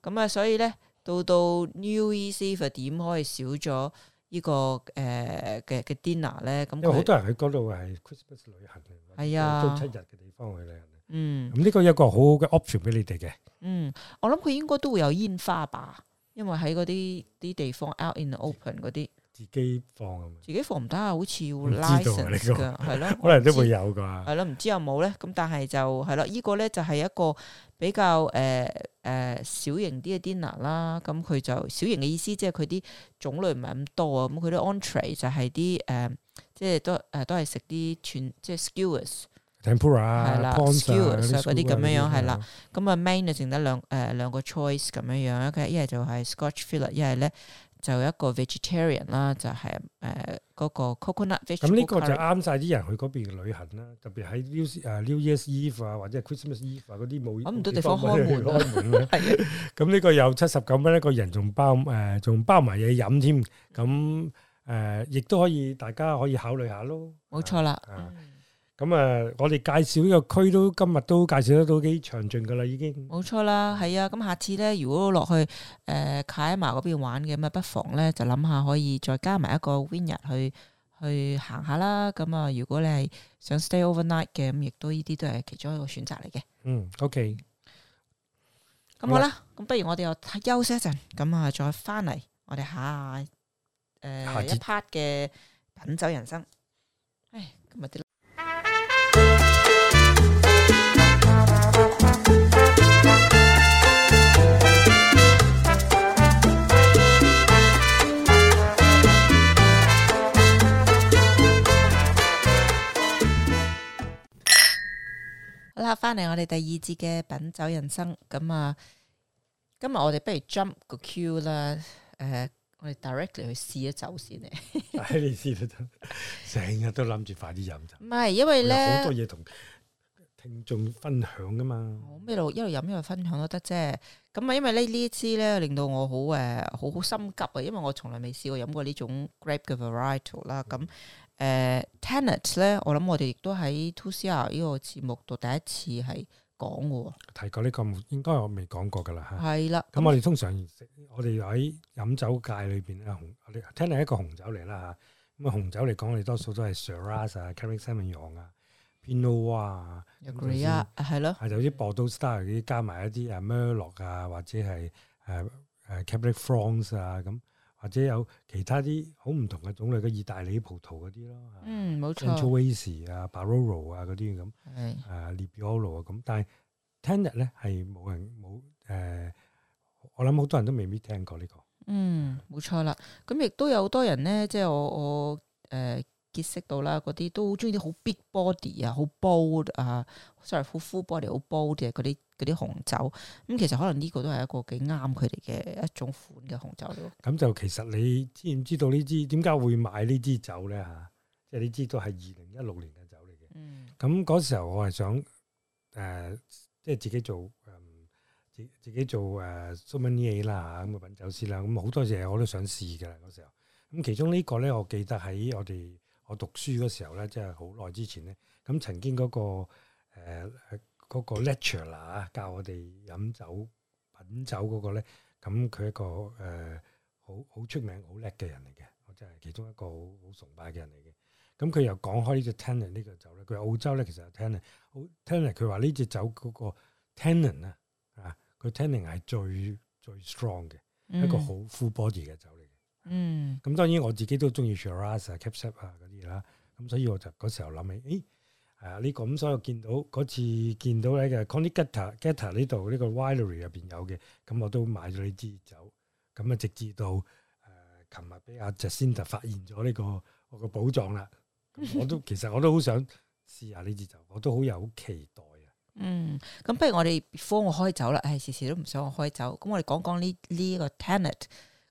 嗯嗯，所以咧，到到 New Year Eve 點可以少咗呢、這個誒嘅、嘅 dinner 咧，咁、呃、好、嗯、多人去嗰度係 Christmas 旅行嚟，係啊、哎呀，中秋七日嘅地方去旅行，嗯，咁呢、嗯嗯這個一個好好嘅 option 俾你哋嘅，嗯，我諗佢應該都會有煙花吧，因為喺嗰啲啲地方，out in the open 嗰啲。自己放，自己放唔得啊！好似要 license 嘅，係咯，可能都會有㗎。係咯，唔知有冇咧？咁但係就係啦，依個咧就係一個比較誒誒、呃呃、小型啲嘅 dinner 啦。咁、嗯、佢就小型嘅意思、呃，即係佢啲種類唔係咁多啊。咁佢啲 entrée 就係啲誒，即係都誒都係食啲串，即係 skewers、tempura 係啦、skewers 嗰啲咁樣樣係啦。咁啊 main 剩得兩誒兩個 choice 咁樣樣，一係就係 scotch fillet，一係咧。就一個 vegetarian 啦、就係，就係誒嗰個 coconut。咁呢個就啱晒啲人去嗰邊嘅旅行啦，特別喺 New 誒 New Year's Eve 啊，或者 Christmas Eve 嗰啲冇揾唔到地方開門、啊，開門咧、啊。咁呢 的個有七十九蚊一個人，仲、呃、包誒仲、呃、包埋嘢飲添。咁誒亦都可以，大家可以考慮下咯。冇錯啦。啊嗯咁啊、嗯，我哋介紹呢個區都今日都介紹得到幾詳盡噶啦，已經。冇錯啦，係啊。咁下次咧，如果落去誒 Kiama 嗰邊玩嘅，咁啊不妨咧就諗下可以再加埋一個 winery 去去行下啦。咁、嗯、啊，如果你係想 stay overnight 嘅，咁亦都呢啲都係其中一個選擇嚟嘅。嗯，OK。咁好啦，咁、嗯、不如我哋又休息一陣，咁啊再翻嚟，我、呃、哋下誒次一 part 嘅品酒人生。唉，咁啊啲。好啦，翻嚟我哋第二節嘅品酒人生，咁啊，今日我哋不如 jump 個 Q 啦，誒、呃，我哋 directly 去試一酒先咧 啊。你試得都得，成日都諗住快啲飲唔係，因為咧好多嘢同聽眾分享噶嘛。我一路一路飲一路分享都得啫。咁啊，因為咧呢一支咧令到我好誒好好心急啊，因為我從來未試過飲過呢種 grape 嘅 variety 啦咁、嗯。誒 Tannat 咧，我諗我哋亦都喺 two C R 呢個節目度第一次係講嘅，提過呢個，應該我未講過㗎啦嚇。係啦，咁我哋通常我哋喺飲酒界裏邊咧紅，Tannat 係一個紅酒嚟啦嚇。咁啊紅酒嚟講，我哋多數都係 Shiraz 啊，Cabernet Sauvignon 啊，Pinot 啊，Agria 係咯，係就啲 Bordeaux style 嗰啲，加埋一啲啊 Merlot 啊，或者係誒誒 Cabernet Franc 啊咁。或者有其他啲好唔同嘅種類嘅意大利葡萄嗰啲咯，嗯冇錯，Chianti 啊、Barolo 啊嗰啲咁，係啊、Nebbiolo 啊咁，但係 Tannat 咧係冇人冇誒，我諗好多人都未必聽過呢個。嗯冇錯啦，咁亦都有好多人咧，即係我我誒。呃結識到啦，嗰啲都好中意啲好 big body 啊、uh，好 bold 啊，sorry，full body，好 bold 嘅嗰啲啲紅酒。咁、嗯嗯、其實可能呢個都係一個幾啱佢哋嘅一種款嘅紅酒咯。咁就其實你知唔知道呢支點解會買呢支酒咧嚇？即係呢支都係二零一六年嘅酒嚟嘅。咁嗰、嗯、時候我係想誒，即、呃、係自己做誒，自、呃、自己做誒 sommelier 啦咁嘅品酒師啦。咁、嗯、好多嘢我都想試嘅嗰時候。咁、嗯、其中個呢個咧，我記得喺我哋。我讀書嗰時候咧，即係好耐之前咧，咁曾經嗰、那個誒嗰、呃那個 lecturer 啊，教我哋飲酒品酒嗰、那個咧，咁佢一個誒、呃、好好出名好叻嘅人嚟嘅，我真係其中一個好好崇拜嘅人嚟嘅。咁佢又講開呢隻 Tannat 呢個酒咧，佢話澳洲咧其實係 Tannat，Tannat 佢話呢隻酒嗰個 Tannat 啊，啊，佢 Tannat 係最最 strong 嘅，嗯、一個好 full body 嘅酒。嗯，咁當然我自己都中意 Shiraz 啊、Cabernet 啊嗰啲啦，咁所以我就嗰時候諗起，誒、欸，呢、啊這個咁、嗯，所以我見到嗰次見到咧嘅 Coolangatta 呢度呢個 Winery 入邊有嘅，咁我都買咗呢支酒，咁啊直至到誒琴日俾阿 Jacinda 發現咗呢、這個我個寶藏啦，我，我都其實我都好想試下呢支酒，我都好有期待啊。嗯，咁不如我哋幫我開酒啦，誒時時都唔想我開酒。咁我哋講講呢呢一個 Tannat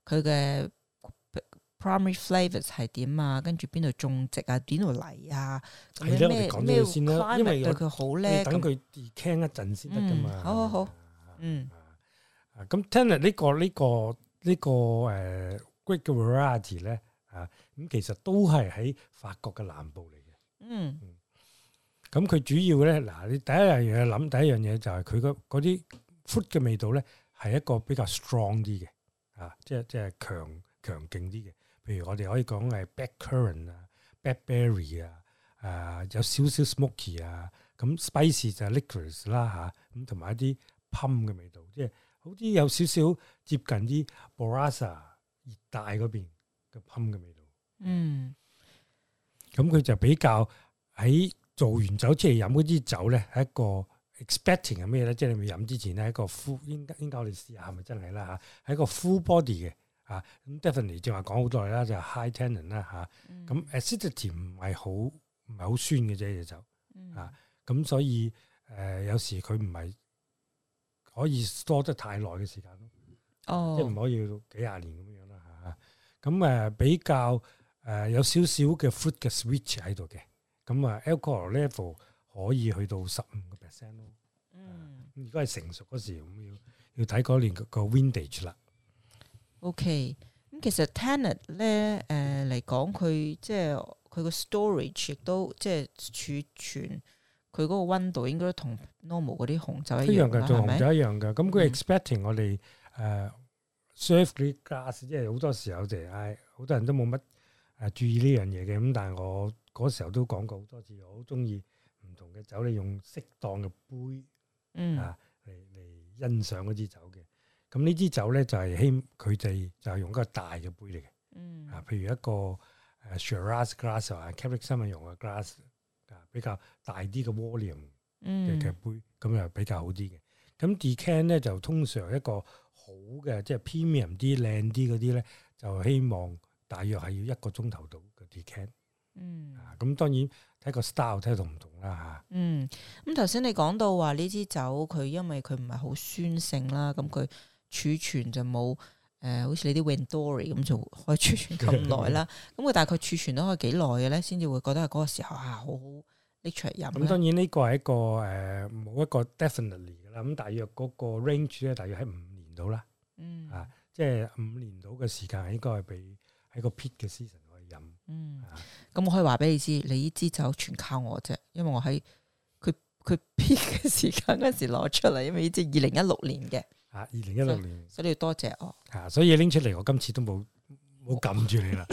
佢嘅。Primary flavours 係點啊？跟住邊度種植啊？點度嚟啊？係咯，你哋講咩先啦。因為，因為對佢好咧。你等佢傾、嗯、一陣先得噶嘛。好、嗯、好好。嗯啊咁、嗯嗯，Tannat 呢、這個呢、這個呢、這個誒、呃、great variety 咧啊，咁其實都係喺法國嘅南部嚟嘅。嗯，咁佢、嗯嗯、主要咧嗱，你第一樣嘢諗，第一樣嘢就係佢嗰嗰啲 fruit 嘅味道咧，係一個比較 strong 啲嘅啊，即係即係強強勁啲嘅。譬如我哋可以講係 blackcurrant 啊、blackberry 啊、誒有少少 smoky 啊，咁 spicy 就 licorice 啦吓、啊，咁同埋一啲 plum 嘅味道，即係好似有少少接近啲 Barossa 熱帶嗰邊嘅 plum 嘅味道。嗯，咁佢、嗯、就比較喺做完酒即係飲嗰支酒咧，係一個 expecting 係咩咧？即、就、係、是、你未飲之前咧，係一個 full，應該應該我哋試下咪真係啦吓，係、啊、一個 full body 嘅。啊，咁 Definitely 正話講好多啦，就 High Tannin 啦吓，咁 Acidity 唔係好唔係好酸嘅啫就，啊，咁所以誒有時佢唔係可以 store 得太耐嘅時間咯，即係唔可以到幾廿年咁樣啦吓，咁誒比較誒有少少嘅 fruit 嘅 switch 喺度嘅，咁啊 alcohol level 可以去到十五個 percent 咯，嗯，如果係成熟嗰時，咁要要睇嗰年個 vintage 啦。OK，咁、嗯、其實 Tannat 咧，誒嚟講佢即係佢個 storage 都即係儲存佢嗰個溫度應該同 normal 嗰啲紅酒一樣嘅，同紅酒一樣嘅。咁佢 expecting 我哋誒 servicely glass，即係好多時候就係唉，好多人都冇乜誒注意呢樣嘢嘅。咁但係我嗰時候都講過好多次，我好中意唔同嘅酒你用適當嘅杯，啊嚟嚟欣賞嗰支酒嘅。咁呢支酒咧就係希佢哋就係用一個大嘅杯嚟嘅，嗯、啊，譬如一個誒啊、shiraz glass 或 cabernet 用嘅 glass 啊，比較大啲嘅 volume 嘅嘅杯，咁又、嗯、比較好啲嘅。咁 decant 咧就通常一個好嘅，即係 premium 啲、靚啲嗰啲咧，就希望大約係要一個鐘頭度嘅 decant。嗯，啊，咁當然睇個 style 睇同唔同啦嚇。嗯，咁頭先你講到話呢支酒佢因為佢唔係好酸性啦，咁佢。儲存就冇誒、呃，好似你啲 Wendouree 咁就可以儲存咁耐啦。咁佢 大概儲存咗可以幾耐嘅咧，先至會覺得係嗰個時候啊，好好拎出嚟飲。咁、嗯、當然呢個係一個誒冇、呃、一個 definitely 啦。咁大約嗰個 range 咧，大約喺五年度啦。嗯、啊，即係五年度嘅時間係應該係比喺個 peak 嘅 season 去飲。嗯咁、啊、我可以話俾你知，你呢支酒全靠我啫，因為我喺佢佢 peak 嘅時間嗰時攞出嚟，因為呢支二零一六年嘅。啊，二零一六年，所以你要多謝我。啊，所以拎出嚟，我今次都冇冇撳住你啦。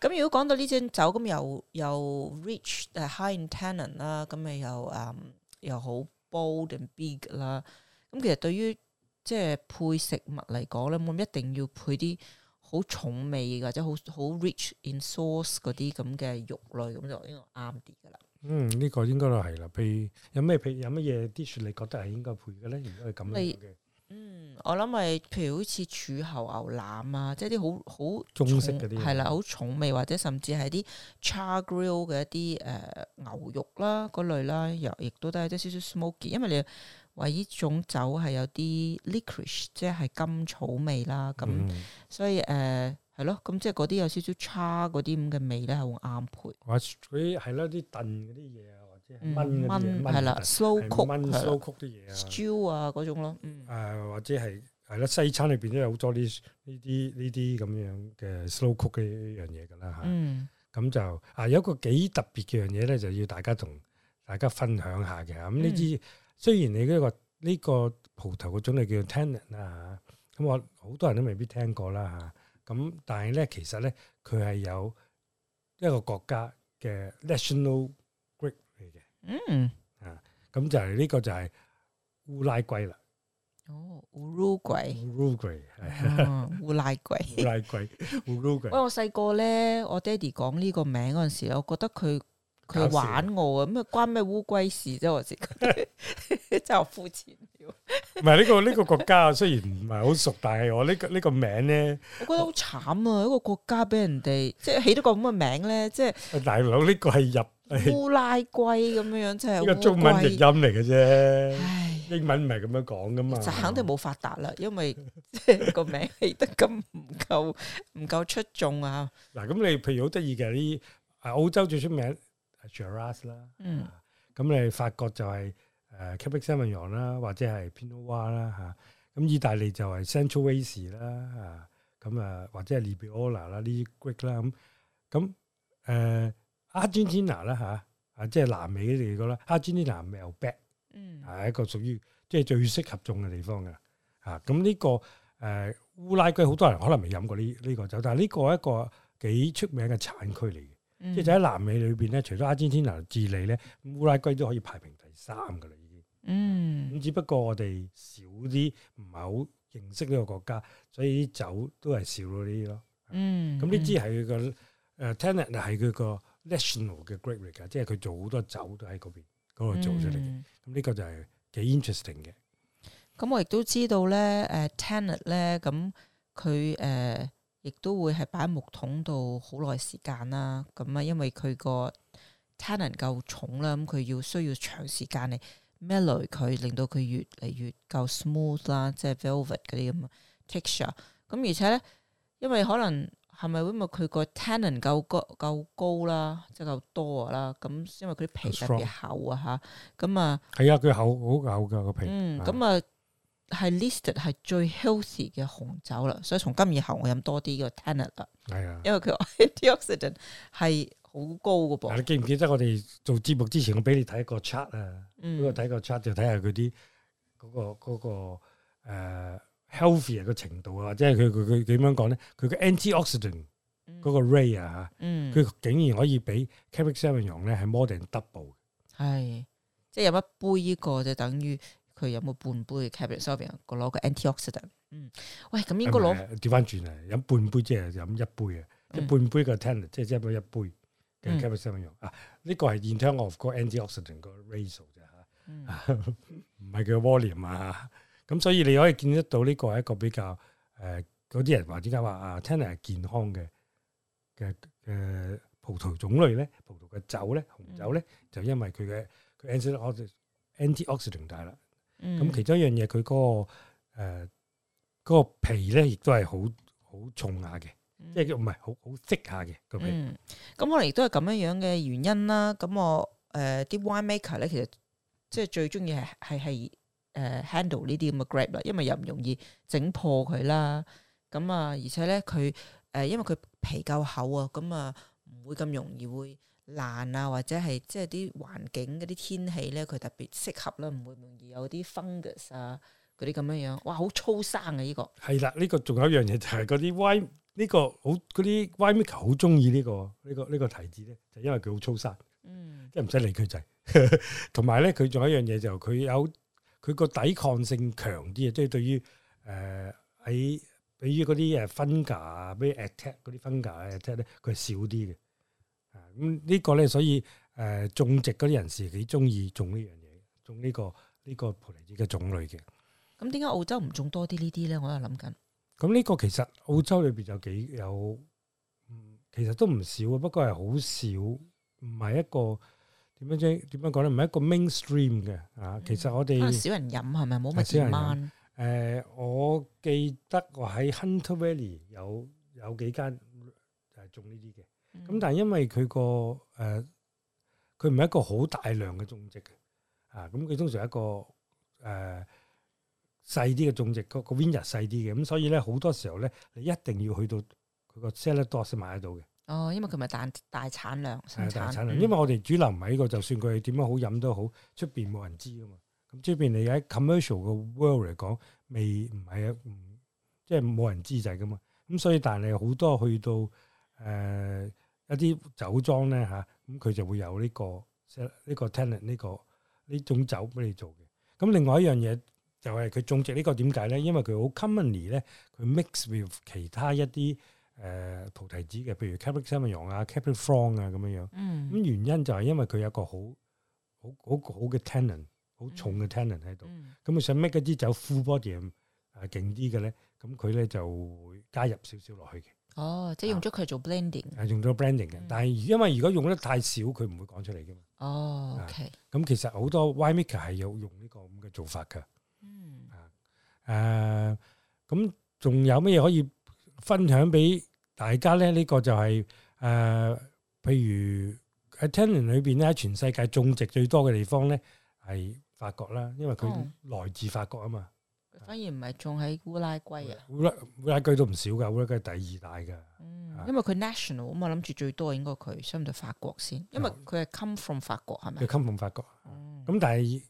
咁如果講到呢樽酒，咁又又 rich, high in tannin 啦，咁咪又嗯又好 bold and big 啦。咁其實對於即係、就是、配食物嚟講咧，我一定要配啲好重味或者好好 rich in sauce 嗰啲咁嘅肉類，咁就應該啱啲噶啦。嗯，呢、這個應該都係啦。譬如有咩譬如有乜嘢啲雪，你覺得係應該配嘅咧？如果係咁樣嘅，嗯，我諗係譬如好似柱侯牛腩啊，即係啲好好重係啦，好重味或者甚至係啲 char grill 嘅一啲誒、呃、牛肉啦嗰類啦，又亦都都係啲少少 smoky，因為你話呢種酒係有啲 liquorice 即係甘草味啦，咁、嗯、所以誒。呃係咯，咁 即係嗰啲有少少叉嗰啲咁嘅味咧，係好啱配。或者嗰啲係咯，啲燉嗰啲嘢啊，或者燜嗰啲嘢，係啦，slow cook，slow cook 啲嘢啊，stew 啊嗰種咯，誒，或者係係咯，西餐裏邊都有好多呢呢啲呢啲咁樣嘅 slow cook 嘅一樣嘢噶啦吓。咁就啊有一個幾特別嘅樣嘢咧，就要大家同大家分享下嘅。咁呢啲雖然你呢、這個呢、這個葡萄嗰種係叫 Tannat 啊，咁我好多人都未必聽過啦吓。啊咁但係咧，其實咧，佢係有一個國家嘅 national grape 嚟嘅。嗯。啊，咁就係呢個就係烏拉圭啦。哦，烏魯圭。烏魯圭、嗯。烏拉圭。 烏拉圭。喂，我細個咧，我爹哋講呢個名嗰陣時我覺得佢。佢玩我啊！咁啊關咩烏龜事啫？我知，真係膚淺。唔係呢個呢個國家，雖然唔係好熟，但係我呢個呢個名咧，我覺得好慘啊！一個國家俾人哋即係起一個咁嘅名咧，即係大佬呢個係入烏拉圭咁樣樣，即係一個中文譯音嚟嘅啫。英文唔係咁樣講噶嘛，就肯定冇發達啦，因為即係個名起得咁唔夠唔夠出眾啊！嗱，咁你譬如好得意嘅啲，啊澳洲最出名、Cheras 啦，eras，嗯，咁你法國就係誒 Cabernet Sauvignon 啦，或者係 Pinot Noir 啦嚇，咁意大利就係 Central w i n e 啦嚇，咁啊或者係 l i b e r o l a 啦、Ligre 啦咁，咁誒 Argentina 啦嚇，啊、呃、啊、啊即係南美嘅地方啦 Argentina Malbec，係一個屬於即係最適合種嘅地方嘅，啊，咁、嗯、呢、啊這個誒烏、呃、拉圭好多人可能未飲過呢呢個酒，但係呢個係一個幾出名嘅產區嚟。嗯、即係喺南美裏邊咧，除咗 Argentina 智利咧，烏拉圭都可以排名第三噶啦已經。嗯，咁只不過我哋少啲唔係好認識呢個國家，所以啲酒都係少咗啲咯。嗯，咁呢支係佢個誒 Tannat 是係佢個 national 嘅 grape 嚟㗎即係佢做好多酒都喺嗰邊嗰度做出嚟嘅。咁呢、嗯嗯、個就係幾 interesting 嘅。咁我亦都知道咧，誒、uh, Tannat 咧，咁佢誒。亦都會係擺喺木桶度好耐時間啦，咁、嗯、啊，因為佢個 tannin 夠重啦，咁佢要需要長時間嚟 mellow 佢，令到佢越嚟越夠 smooth 啦，即係 velvet 嗰啲咁嘅 texture。咁、嗯、而且咧，因為可能係咪因為佢個 tannin 夠高夠高啦，即係夠多啦，咁因為佢啲皮特別厚啊嚇，咁啊，係啊，佢厚好厚㗎個皮，嗯，咁啊。嗯嗯嗯嗯係 listed 係最 healthy 嘅紅酒啦，所以從今以後我飲多啲個 tannat 啦，係啊，因為佢 antioxidant 係好高噶噃。你記唔記得我哋做節目之前，我俾你睇個 chart 啊，嗯，俾我睇個 chart 就睇下佢啲嗰個嗰個誒 healthy 啊個程度啊，即係佢佢佢點樣講咧？佢個 antioxidant 嗰個 ray 啊，嗯，佢竟然可以比 Cabernet Sauvignon 咧係 more than double，係，即係飲一杯呢個就等於。佢有冇半杯嘅 Cabernet Sauvignon？我攞個 antioxidant。嗯，喂，咁應該攞調翻轉啊！飲半杯即係飲一杯啊！半杯嘅 tannin 即係即係一杯嘅 Cabernet Sauvignon 用啊！呢個係 internal of 個 antioxidant 個 ratio 啫嚇，唔係佢嘅 volume 啊！咁、啊啊、所以你可以見得到呢個係一個比較誒，嗰、呃、啲人話點解話啊 tannin 係健康嘅嘅嘅葡萄種類咧，葡萄嘅酒咧，紅酒咧，就因為佢嘅佢 antioxidant 大啦。咁，嗯、其中一樣嘢，佢嗰、那個誒、呃那個、皮咧，亦都係好好重下嘅，即係唔係好好薄下嘅個皮咁可能亦都係咁樣樣嘅原因啦。咁我誒啲、呃、wine maker 咧，其實即係最中意係係係誒 handle 呢啲咁嘅 grape 啦，呃、這這 grape, 因為又唔容易整破佢啦。咁啊，而且咧，佢誒、呃、因為佢皮夠厚啊，咁啊唔會咁容易會。難啊，或者係即係啲環境嗰啲天氣咧，佢特別適合啦，唔會容易有啲 fungus 啊，嗰啲咁樣樣，哇，好粗生啊，呢個。係啦，呢個仲有一樣嘢就係嗰啲 Y 呢個好嗰啲 winemaker 好中意呢個呢個呢個提子咧，就因為佢好粗生，嗯，即係唔使理佢仔。同埋咧，佢仲有一樣嘢就佢有佢個抵抗性強啲啊，即係對於誒喺比如嗰啲誒 fungus 啊，比如 attack 嗰啲 fungus 啊 attack 咧佢係少啲嘅。咁呢個咧，所以誒、呃、種植嗰啲人士幾中意種呢樣嘢，種呢、呢個呢、呢個菩提子嘅種類嘅。咁點解澳洲唔種多啲呢啲咧？我喺度諗緊。咁呢、嗯呢個其實澳洲裏邊有幾有、嗯，其實都唔少，啊，不過係好少，唔係一個點樣即係點樣講咧？唔係一個 mainstream 嘅啊。其實我哋少、嗯、人飲係咪？冇乜少人誒、呃，我記得我喺 Hunter Valley 有有，有幾間就係種呢啲嘅。咁、嗯、但係因為佢個誒，佢唔係一個好大量嘅種植嘅，啊，咁佢通常一個誒、呃、細啲嘅種植，個個 winery 細啲嘅，咁所以咧，好多時候咧，你一定要去到佢個 cellar door 先買得到嘅。哦，因為佢咪大大產量產、啊，大產量，因為我哋主流唔係呢個，嗯、就算佢點樣好飲都好，出邊冇人知啊嘛。咁出邊你喺 commercial 嘅 world 嚟講，未唔係啊？即係冇人知就係咁嘛。咁所以但係好多去到誒。呃一啲酒莊咧嚇，咁佢就會有呢、這個呢、這個 tannin 呢個呢種酒俾你做嘅。咁另外一樣嘢就係、是、佢種植、這個、呢個點解咧？因為佢好 commonly 咧，佢 mix with 其他一啲誒葡提子嘅，譬如 Cabernet Sauvignon 啊、Cabernet Franc 啊咁樣樣。咁、嗯、原因就係因為佢有個好好好嘅 tannin 好重嘅 tannin 喺度。咁佢、嗯嗯、想 make 啲酒 full body 啊勁啲嘅咧，咁佢咧就會加入少少落去嘅。哦，即係用咗佢做 blending，係、啊、用咗 blending 嘅，嗯、但係因為如果用得太少，佢唔會講出嚟嘅嘛。哦，OK，咁、啊、其實好多 wine maker 係有用呢個咁嘅做法嘅。嗯啊，啊，咁仲有咩可以分享俾大家咧？呢、呢個就係、是、誒、啊，譬如喺 Tannat 裏邊咧，面全世界種植最多嘅地方咧係法國啦，因為佢來自法國啊嘛。嗯嗯。反而唔係種喺烏拉圭啊，烏拉烏拉圭都唔少噶，烏拉圭係第二大噶、嗯。因為佢 national 啊嘛，諗住最多應該佢，相對法國先，因為佢係 come from 法國係咪？佢 come from 法國，咁、嗯、但係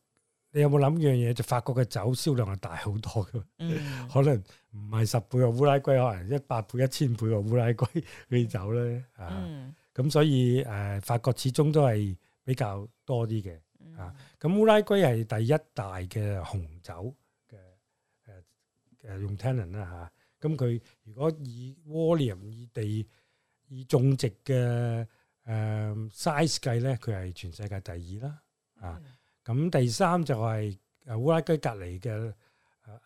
你有冇諗樣嘢？就法國嘅酒銷量係大好多嘅， 可能唔係十倍啊烏拉圭，可能一百倍、一千倍啊烏拉圭啲酒咧、嗯、啊。咁所以誒、啊，法國始終都係比較多啲嘅、嗯、啊。咁烏拉圭係第一大嘅紅酒。 誒用 Tannat 啦、啊、嚇，咁佢如果以 volume、以地、以種植嘅誒、呃、size 計咧，佢係全世界第二啦，啊，咁第三就係烏拉圭隔離嘅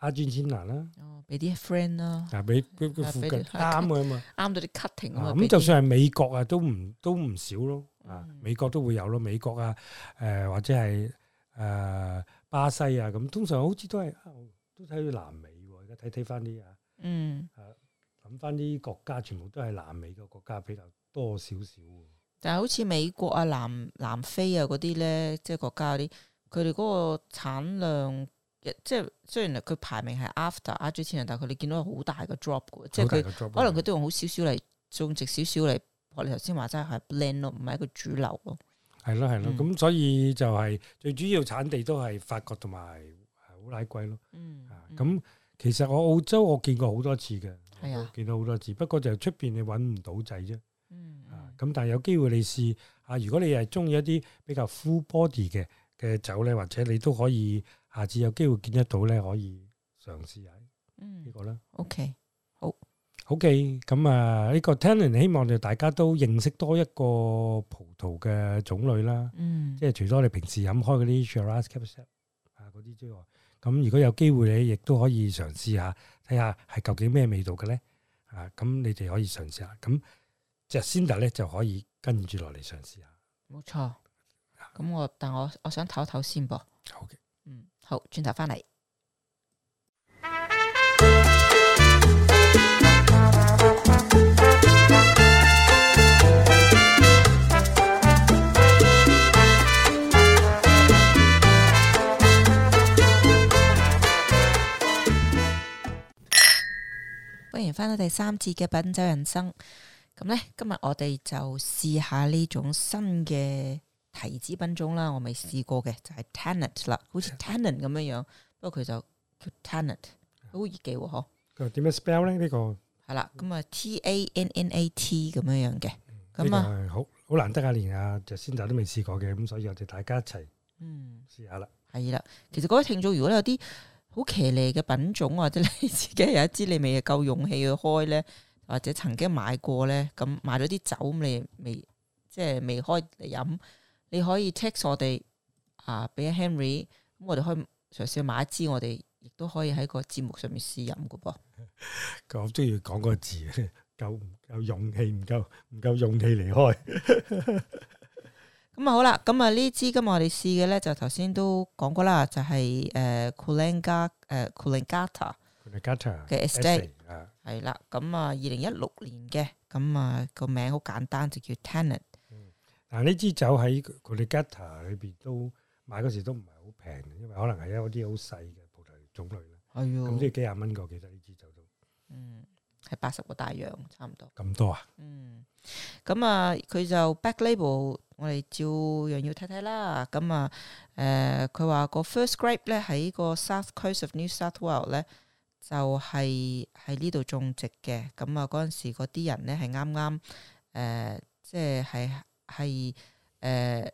阿根廷啦，哦，俾啲 friend 啦，但俾佢附近啱嘅嘛，啱到啲 cutting 啊，嘛、啊。咁、啊、就算、是、係美國啊，都唔都唔少咯、啊，啊，美國都會有咯、啊，美國啊，誒、呃、或者係誒、啊、巴西啊，咁通常好似都係都睇喺南美。啊睇睇翻啲啊，嗯，諗翻啲國家，全部都係南美嘅國家比較多少少。但係好似美國啊、南南非啊嗰啲咧，即係國家嗰啲，佢哋嗰個產量，即係雖然佢排名係 after 阿根廷，但係佢哋見到好大嘅 drop，大 drop 即係佢可能佢都用好少少嚟種植少少嚟，學你頭先話齋係 blend 咯，唔係一個主流咯。係咯係咯，咁、嗯、所以就係最主要產地都係法國同埋烏拉圭咯。嗯，咁、嗯。嗯其實我澳洲我見過好多次嘅，啊、見到好多次，不過就出邊你揾唔到仔啫。嗯，啊，咁但係有機會你試啊，如果你係中意一啲比較 full body 嘅嘅酒咧，或者你都可以下次有機會見得到咧，可以嘗試下呢個啦、嗯。OK，okay，好，OK，咁啊，呢、呢個 Tannat 希望就大家都認識多一個葡萄嘅種類啦。嗯，即係除咗你平時飲開嗰啲 Chardonnay 啊嗰啲之外。.咁如果有機會，你亦都可以嘗試下，睇下係究竟咩味道嘅咧啊！咁你哋可以嘗試下。咁 Jacinda 咧就可以跟住落嚟嘗試下。冇錯，咁我，但我我想唞一唞先噃。好嘅，嗯，好，轉頭翻嚟。歡迎翻到第三節嘅品酒人生，咁咧今日我哋就試下呢種新嘅提子品種啦，我未試過嘅就係、是、t a n n e t 啦，好似 Tannat 咁樣樣，不過佢就叫 Tannat 好易記喎嗬。佢點樣 spell 咧？呢、這個係啦，咁啊 T A N N A T 咁樣樣嘅，咁啊、嗯嗯、好好難得啊，連阿就先仔都未試過嘅，咁所以我哋大家一齊嗯試下啦。係啦，其實各位聽眾，如果你有啲好奇呢嘅品種或者你自己有一支你未夠勇氣去開呢？或者曾經買過呢？咁買咗啲酒你未即係未開嚟飲，你可以 text 我哋啊俾 Henry，咁我哋可以嘗試買一支，我哋亦都可以喺個節目上面試飲噶噃。咁中意講個字，夠唔夠勇氣？唔夠唔夠勇氣嚟開？ 咁啊好啦，咁啊呢支今日我哋試嘅咧，就頭先都講過啦，就係誒 Coolangatta 加誒 Coolangatta 嘅 estate，係啦，咁啊二零一六年嘅，咁啊個名好簡單，就叫 Tannat。嗱呢支酒喺 Coolangatta 裏邊都買嗰時都唔係好平，因為可能係有一啲好細嘅葡萄種類啦。咁、哎、喲即係幾廿蚊個，其實呢支酒都，嗯，係八十個大洋差唔多。咁多啊？嗯，咁啊佢就 Back Label。我哋照樣要睇睇啦，咁啊，誒，佢話個 first grape 咧喺個 South Coast of New South Wales 咧，就係喺呢度種植嘅。咁啊，嗰陣時嗰啲人咧係啱啱，誒，即係係誒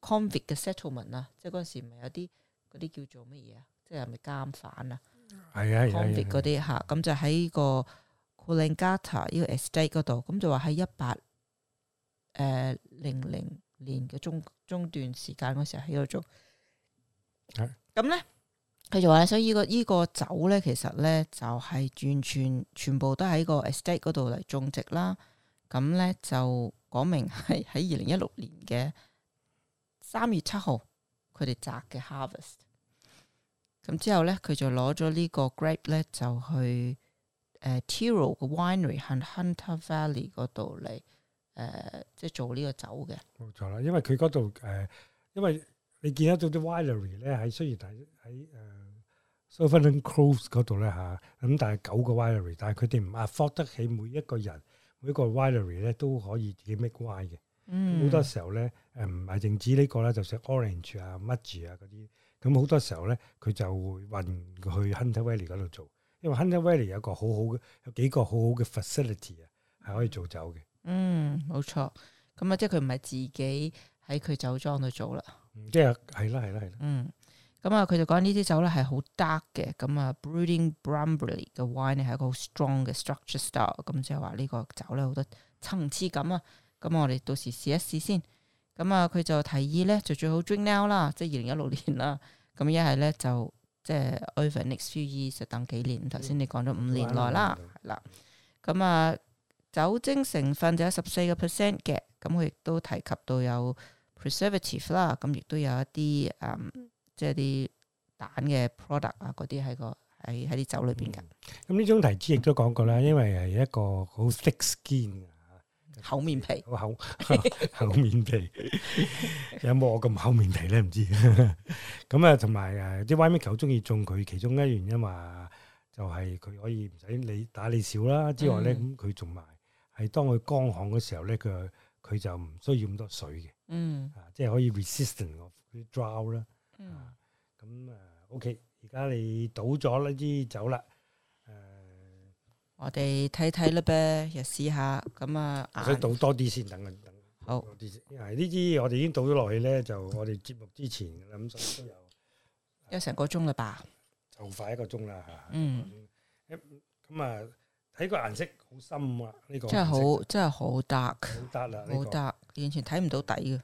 convict 嘅 settlement 啦，即係嗰陣時唔係有啲嗰啲叫做乜嘢啊？即係咪監犯啊？係啊，convict 嗰啲嚇，咁就喺個 Coolangatta 呢個 estate 嗰度，咁就話喺一八。誒、呃，零零年嘅中中段時間嗰時喺度做，咁咧佢就話，所以呢、這個呢、這個酒咧，其實咧就係、是、完全全部都喺個 estate 嗰度嚟種植啦。咁咧就講明係喺二零一六年嘅三月七號，佢哋摘嘅 harvest。咁之後咧，佢就攞咗呢個 grape 咧，就去誒、呃、Tyrrell 嘅 winery 喺 Hunter Valley 嗰度嚟。誒、呃，即係做呢個酒嘅，冇錯啦。因為佢嗰度誒，因為你見得到啲 winery 咧，喺雖然喺喺誒 Shoalhaven Coast 嗰度咧吓，咁、呃啊、但係九個 winery，但係佢哋唔 afford 得起每一個人，每一個 winery 咧都可以自己 make wine 嘅。好、嗯、多時候咧，誒唔係淨止呢個啦，就食 orange 啊、Mudgee 啊嗰啲。咁好多時候咧，佢就會運去 Hunter Valley 嗰度做，因為 Hunter Valley 有個好好嘅，有幾個好好嘅 facility 啊，係可以做酒嘅。嗯。嗯，冇錯。咁啊、yeah, right, right, right. um，即係佢唔係自己喺佢酒莊度做啦。即係係啦，係啦，係啦。嗯，咁啊，佢就講呢支酒咧係好 dark 嘅，咁啊，brooding brambly 嘅 wine 咧係一個好 strong 嘅 structure style。咁即係話呢個酒咧好多層次感啊。咁我哋到時試一試先。咁啊，佢就提議咧就最好 drink now 啦，即係二零一六年啦。咁一係咧就即係 eventually 就等幾年。頭先你講咗五年內啦，係、hmm. 啦、mm。咁啊。酒精成分就有十四個 percent 嘅，咁佢亦都提及到有 preservative 啦，咁亦都有一啲誒，即係啲蛋嘅 product，啊，嗰啲喺個喺喺啲酒裏邊嘅。咁呢種提子亦都講過啦，因為係一個好 thick skin 啊，厚面皮，好厚厚面皮，有冇我咁厚面皮咧？唔知。咁啊，同埋誒，啲 Uruguay 好中意種佢，其中一原因嘛就係佢可以唔使你打你少啦，之外咧，咁佢仲埋。係當佢乾旱嘅時候咧，佢佢就唔需要咁多水嘅，嗯啊，即係可以 resistant of 啲 drought 啦、嗯，啊咁啊、嗯，OK，而家你倒咗呢啲酒啦，誒，嗯、我哋睇睇啦噃，又試下，咁啊，佢倒多啲先、嗯，等啊等，好，啲先，係呢啲我哋已經倒咗落去咧，就我哋節目之前咁所以都有一成個鐘啦吧，嗯嗯、 就快一個鐘啦嚇，嗯，咁啊、嗯。 睇個顏色好深啊！呢個真係好，真係好 dark，好 dark 啦，好 dark，完全睇唔到底嘅。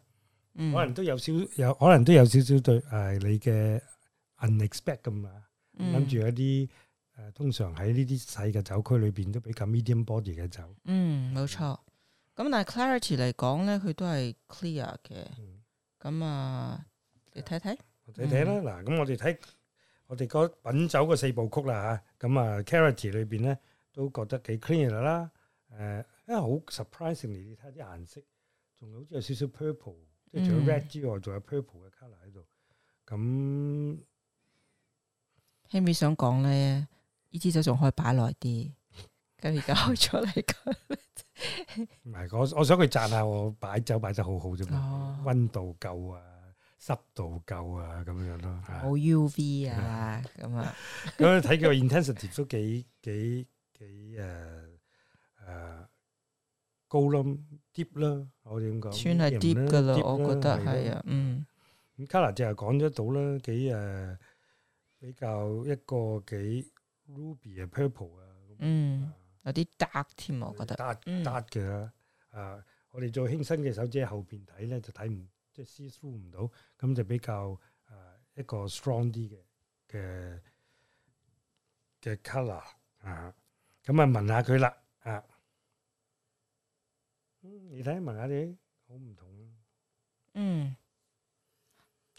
可能都有少有，可能都有少少對誒，你嘅 unexpected 嘛，諗住一啲誒，通常喺呢啲細嘅酒區裏邊都比較 medium body 嘅酒。嗯，冇錯。咁但係 clarity 嚟講咧，佢都係 clear 嘅。咁啊，你睇睇，你睇啦。嗱，咁我哋睇我哋個品酒嘅四部曲啦吓。咁啊，clarity 裏邊咧。都覺得幾 clear 啦，誒、嗯，因為好 surprisingly，你睇下啲顏色，仲好似有少少 purple，即係除咗 red 之外，仲有 purple 嘅 color 喺度。咁、嗯，係咪想講咧，呢支酒仲可以擺耐啲，而家開咗嚟講。唔係，我我想佢讚下我擺酒擺得好好啫嘛，溫、哦、度夠啊，濕度夠啊，咁樣咯。好 U，V 啊，咁啊， 咁睇佢 intensity 都幾幾。 幾誒誒高音 deep 啦，我點講？穿係 deep 噶啦，我覺得係啊，嗯。咁 colour 淨係講得到啦，幾誒比較一個幾 ruby 嘅 purple 啊，嗯，有啲 dark 添，我覺得 dark dark 嘅啊。我哋再輕身嘅手指後邊睇咧，就睇唔即係 see through 唔到，咁就比較誒一個 strong 啲嘅嘅嘅 colour 啊。咁啊，聞下佢啦，啊，嗯，你睇下聞下啲好唔同，嗯，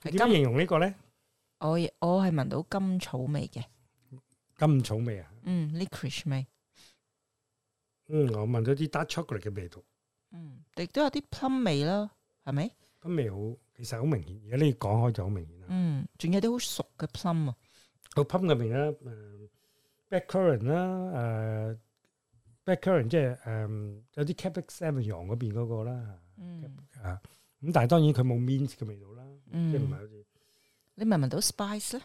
點形容呢個咧？我我係聞到甘草味嘅，甘草味啊，嗯，licorice 味，嗯，我聞到啲 dark chocolate 嘅味道，嗯，亦都有啲 plum 味咯，係咪？plum 味好，其實好明顯，而家你講開就好明顯啦。嗯，仲有啲好熟嘅 plum 啊，個 plum 入面咧，誒。blackcurrant 啦，誒 blackcurrant 即係誒有啲 Cabernet Sauvignon 嗰邊嗰個啦嚇，咁但係當然佢冇 mint 嘅味道啦，即係唔係好似你聞唔聞到 spice 咧？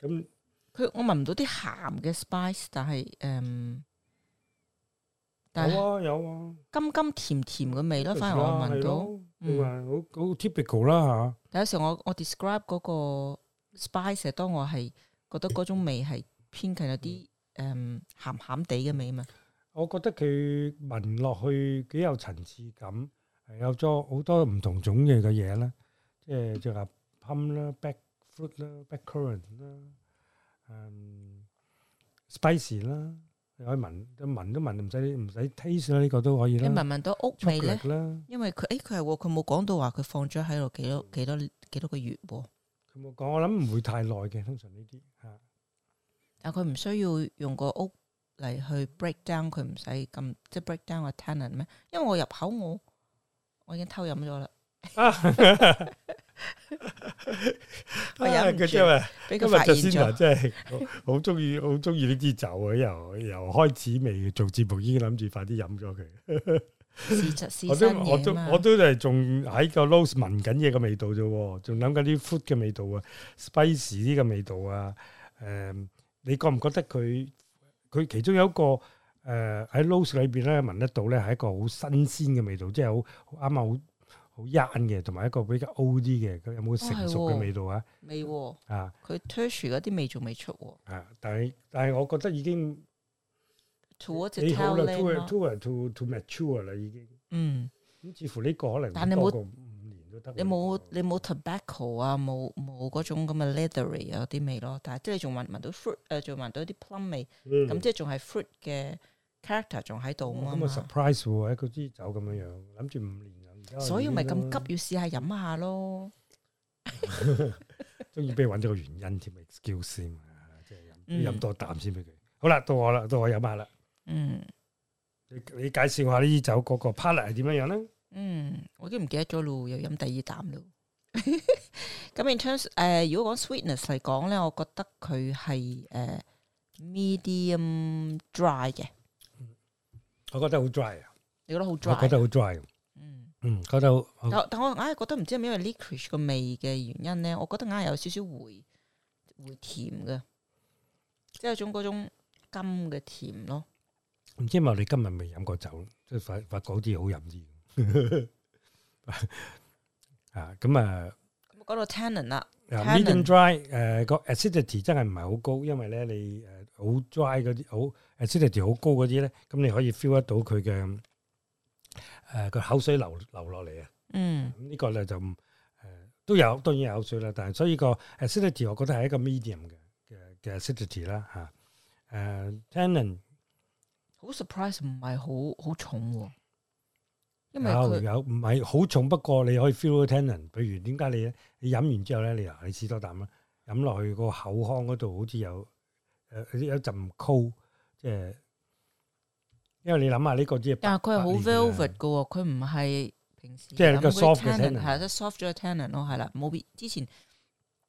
咁佢我聞唔到啲鹹嘅 spice，但係誒，但係有啊有啊，甘甘甜甜嘅味咯，反而我聞到，同埋好好 typical 啦嚇。但有時我我 describe 嗰個 spice 係當我係覺得嗰種味係。偏近有啲誒鹹鹹地嘅味嘛？我覺得佢聞落去幾有層次感，係有咗好多唔同種類嘅嘢咧，即係即係話 plum 啦、black fruit 啦、blackcurrant 啦、誒 spicy 啦，你可以聞嘅聞都聞唔使唔使 taste 啦，呢個都可以啦。你聞聞到屋味咧？因為佢誒佢係喎，佢冇講到話佢放咗喺度幾多幾多幾多個月喎。佢冇講，我諗唔會太耐嘅，通常呢啲。但佢唔需要用個屋嚟去 break down，佢唔使咁即係 break down 個 Tannat 咩？因為我入口我我已經偷飲咗啦。我忍唔住。俾佢發現咗。真係好中意好中意呢支酒啊！又又開始未做節目，已經諗住快啲飲咗佢。試集試新嘢啊嘛！我都我都我都係仲喺個 lose 聞緊嘢嘅味道啫喎，仲諗緊啲 food 嘅味道啊，spice 啲嘅味道啊，誒。你覺唔覺得佢佢其中有一個誒喺 lose 裏邊咧，聞得到咧係一個好新鮮嘅味道，即係好啱啱好好 young 嘅，同埋一個比較 old 啲嘅，有冇成熟嘅味道啊？未啊，佢 touch 嗰啲味仲未出啊！但係但係我覺得已經 too too too too mature 啦，已經嗯咁，似乎呢個可能但你冇。你冇你冇 tobacco 啊，冇冇嗰種咁嘅 leathery 啊啲味咯，但係即係你仲聞聞到 fruit，誒仲聞到啲 plum 味，咁即係仲係 fruit 嘅 character 仲喺度啊嘛。咁啊 surprise 喎，一個支酒咁樣樣，諗住五年啊，所以咪咁急要試下飲下咯，終於俾揾咗個原因添，excuse 先啊，即係飲飲多啖先俾佢。好啦，到我啦，到我飲下啦。嗯，你你介紹下呢支酒嗰個 palette 係點樣樣咧？嗯，我都唔記得咗咯，又飲第二啖咯。咁 ，in terms，誒、呃，如果講 sweetness 嚟講咧，我覺得佢係誒 medium dry 嘅。我覺得好 dry 啊！你覺得好 dry？我覺得好 dry。嗯嗯，覺得好。但但，我硬係覺得唔知係咪因為 licorice 個味嘅原因咧，我覺得硬係有少少回回甜嘅，即係種嗰種甘嘅甜咯。唔知咪？我哋今日未飲過酒，即係發發覺啲好飲啲。啊咁啊，講到 tannin 啦，medium dry，誒個 acidity 真係唔係好高，因為咧你誒好 dry 嗰啲好 acidity 好高嗰啲咧，咁你可以 feel 得到佢嘅誒個口水流流落嚟啊。嗯，呢個咧就誒都有，當然有水啦，但係所以個 acidity 我覺得係一個 medium 嘅嘅 acidity 啦，吓誒 tannin。好 surprise，唔係好好重。有有唔係好重，不過你可以 feel 個 tannin。比如點解你你飲完之後咧，你啊你試多啖啦，飲落去個口腔嗰度好似有誒有陣 cold，即係，因為你諗下呢個啲。但係佢係好 velvet 噶喎，佢唔係平時。即係個 soft tannin，係啦 soft 嘅 tannin 咯，係啦冇比之前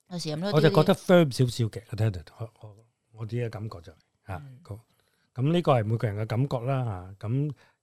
有時飲咗啲嘢。我就覺得 firm 少少嘅 tannin，我我我自己嘅感覺就係啊，咁咁呢個係每個人嘅感覺啦吓，咁。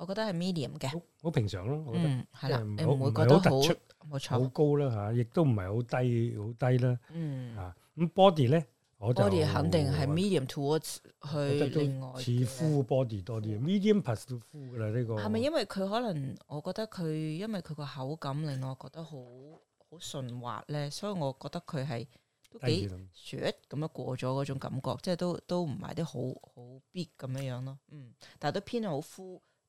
我覺得係 medium 嘅，好平常咯。嗯，係啦，你唔會覺得好突出，冇錯，好高啦嚇，亦都唔係好低，好低啦。嗯，嚇咁 body 咧，我就肯定係 medium towards 去另外似 full body 多啲，medium plus 都 full 啦。呢個係咪因為佢可能我覺得佢因為佢個口感令我覺得好好順滑咧，所以我覺得佢係都幾 short 咁樣過咗嗰種感覺，即係都都唔係啲好好 big 咁樣樣咯。嗯，但係都偏向好 full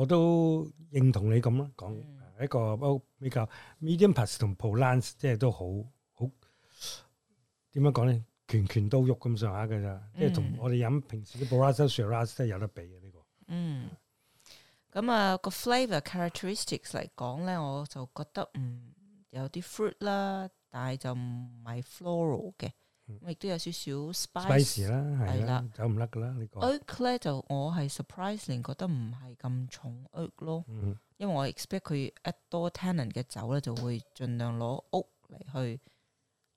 我都認同你咁樣講，一個比較 medium plus 同 polans，即係都好好點樣講咧？拳拳到肉咁上下嘅咋，即係同我哋飲平時啲 Barossa Shiraz 都有得比嘅呢個。嗯，咁啊個 flavor characteristics 嚟講咧，我就覺得嗯有啲 fruit 啦，但係就唔係 floral 嘅。我亦都有少少 spice 啦，係啦，走唔甩噶啦。呢個 Oak 咧就我係 surprising 覺得唔係咁重 Oak 咯，因為我 expect 佢一多 tannin 嘅酒咧就會盡量攞 Oak 嚟去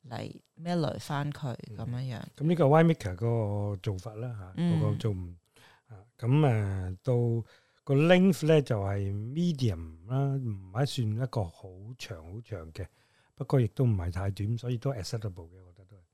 嚟 mellow 翻佢咁樣樣。咁呢個 Winemaker 個做法啦嚇，嗰個做啊咁誒到個 length 咧就係 medium 啦，唔係算一個好長好長嘅，不過亦都唔係太短，所以都 acceptable 嘅。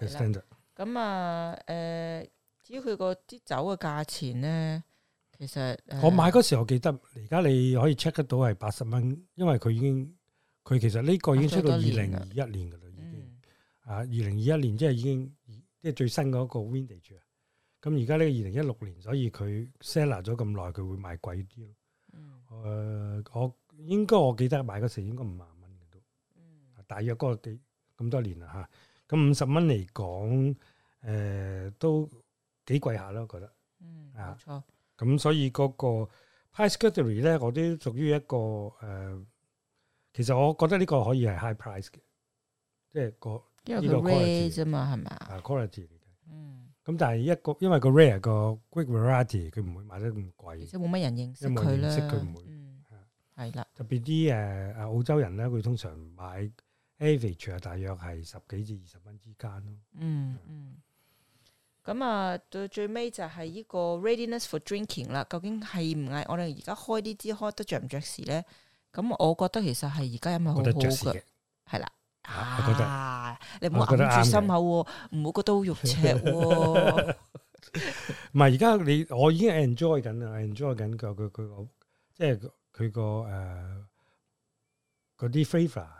咁啊，誒、呃，至於佢個啲酒嘅價錢咧，其實、呃、我買嗰時候我記得，而家你可以 check 得到係八十蚊，因為佢已經，佢其實呢個已經出到二零二一年噶啦，已經、嗯、啊，二零二一年即係已經即係最新嗰個 Vintage 啊，咁而家呢個二零一六年，所以佢 sell 咗咁耐，佢會賣貴啲咯。誒、呃，我應該我記得買嗰時應該五萬蚊嘅都，大約嗰個幾咁多年啦吓。啊咁五十蚊嚟講，誒、呃、都幾貴下咯，我覺得嗯，冇錯。咁、啊、所以嗰個 price category 咧，我啲屬於一個誒、呃，其實我覺得呢個可以係 high price 嘅，即係個因為個 rare 啫嘛，係咪啊？quality 嚟嘅，嗯。咁、嗯、但係一個，因為個 rare 個 great variety，佢唔會賣得咁貴，即冇乜人認識佢啦。特別啲誒、啊，澳洲人咧，佢通常買。average 大約係十幾至二十蚊之間咯、嗯。嗯嗯。咁啊，到最尾就係呢、呢個 readiness for drinking 啦。究竟係唔係我哋而家開,開呢啲？開得着唔着時咧？咁我覺得其實係而家有冇好好嘅。係啦。了啊！覺得你唔好揞住心口，唔好覺得好肉赤、哦。唔係而家你，我已經 enjoy 緊啦，enjoy 緊個佢佢個，即係佢個誒嗰啲 favour。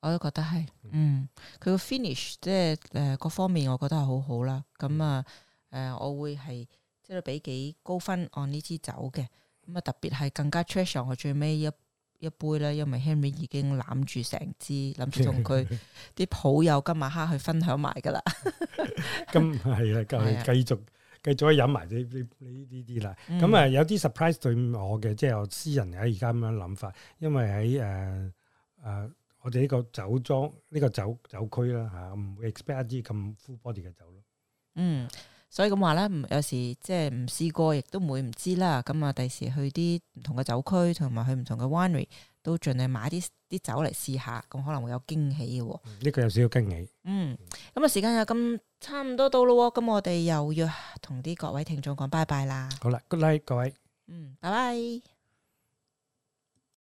我都覺得係，嗯，佢個 finish 即、呃、係誒各方面，我覺得係好好啦。咁啊，誒我會係即係俾幾高分 on 呢支酒嘅。咁啊，特別係更加 treasure 我最尾一一杯啦，因為 Henry 已經攬住成支，諗住同佢啲好友今晚黑去分享埋噶啦。咁係啦，繼續繼續繼續飲埋呢呢呢啲啦。咁啊、嗯嗯，有啲 surprise 對我嘅，即係我私人喺而家咁樣諗法，因為喺誒誒。呃呃呃我哋呢個酒莊呢、呢個酒酒區啦吓，唔 expect 一啲咁 full body 嘅酒咯。嗯，所以咁話咧，有時即係唔試過，亦都唔會唔知啦。咁啊，第時去啲唔同嘅酒區，同埋去唔同嘅 winery，都盡量買啲啲酒嚟試下，咁可能會有驚喜嘅。呢、嗯呢個有少少驚喜。嗯，咁啊，時間又咁差唔多到咯，咁我哋又要同啲各位聽眾講拜拜啦。好啦，Good night 各位。嗯，拜拜。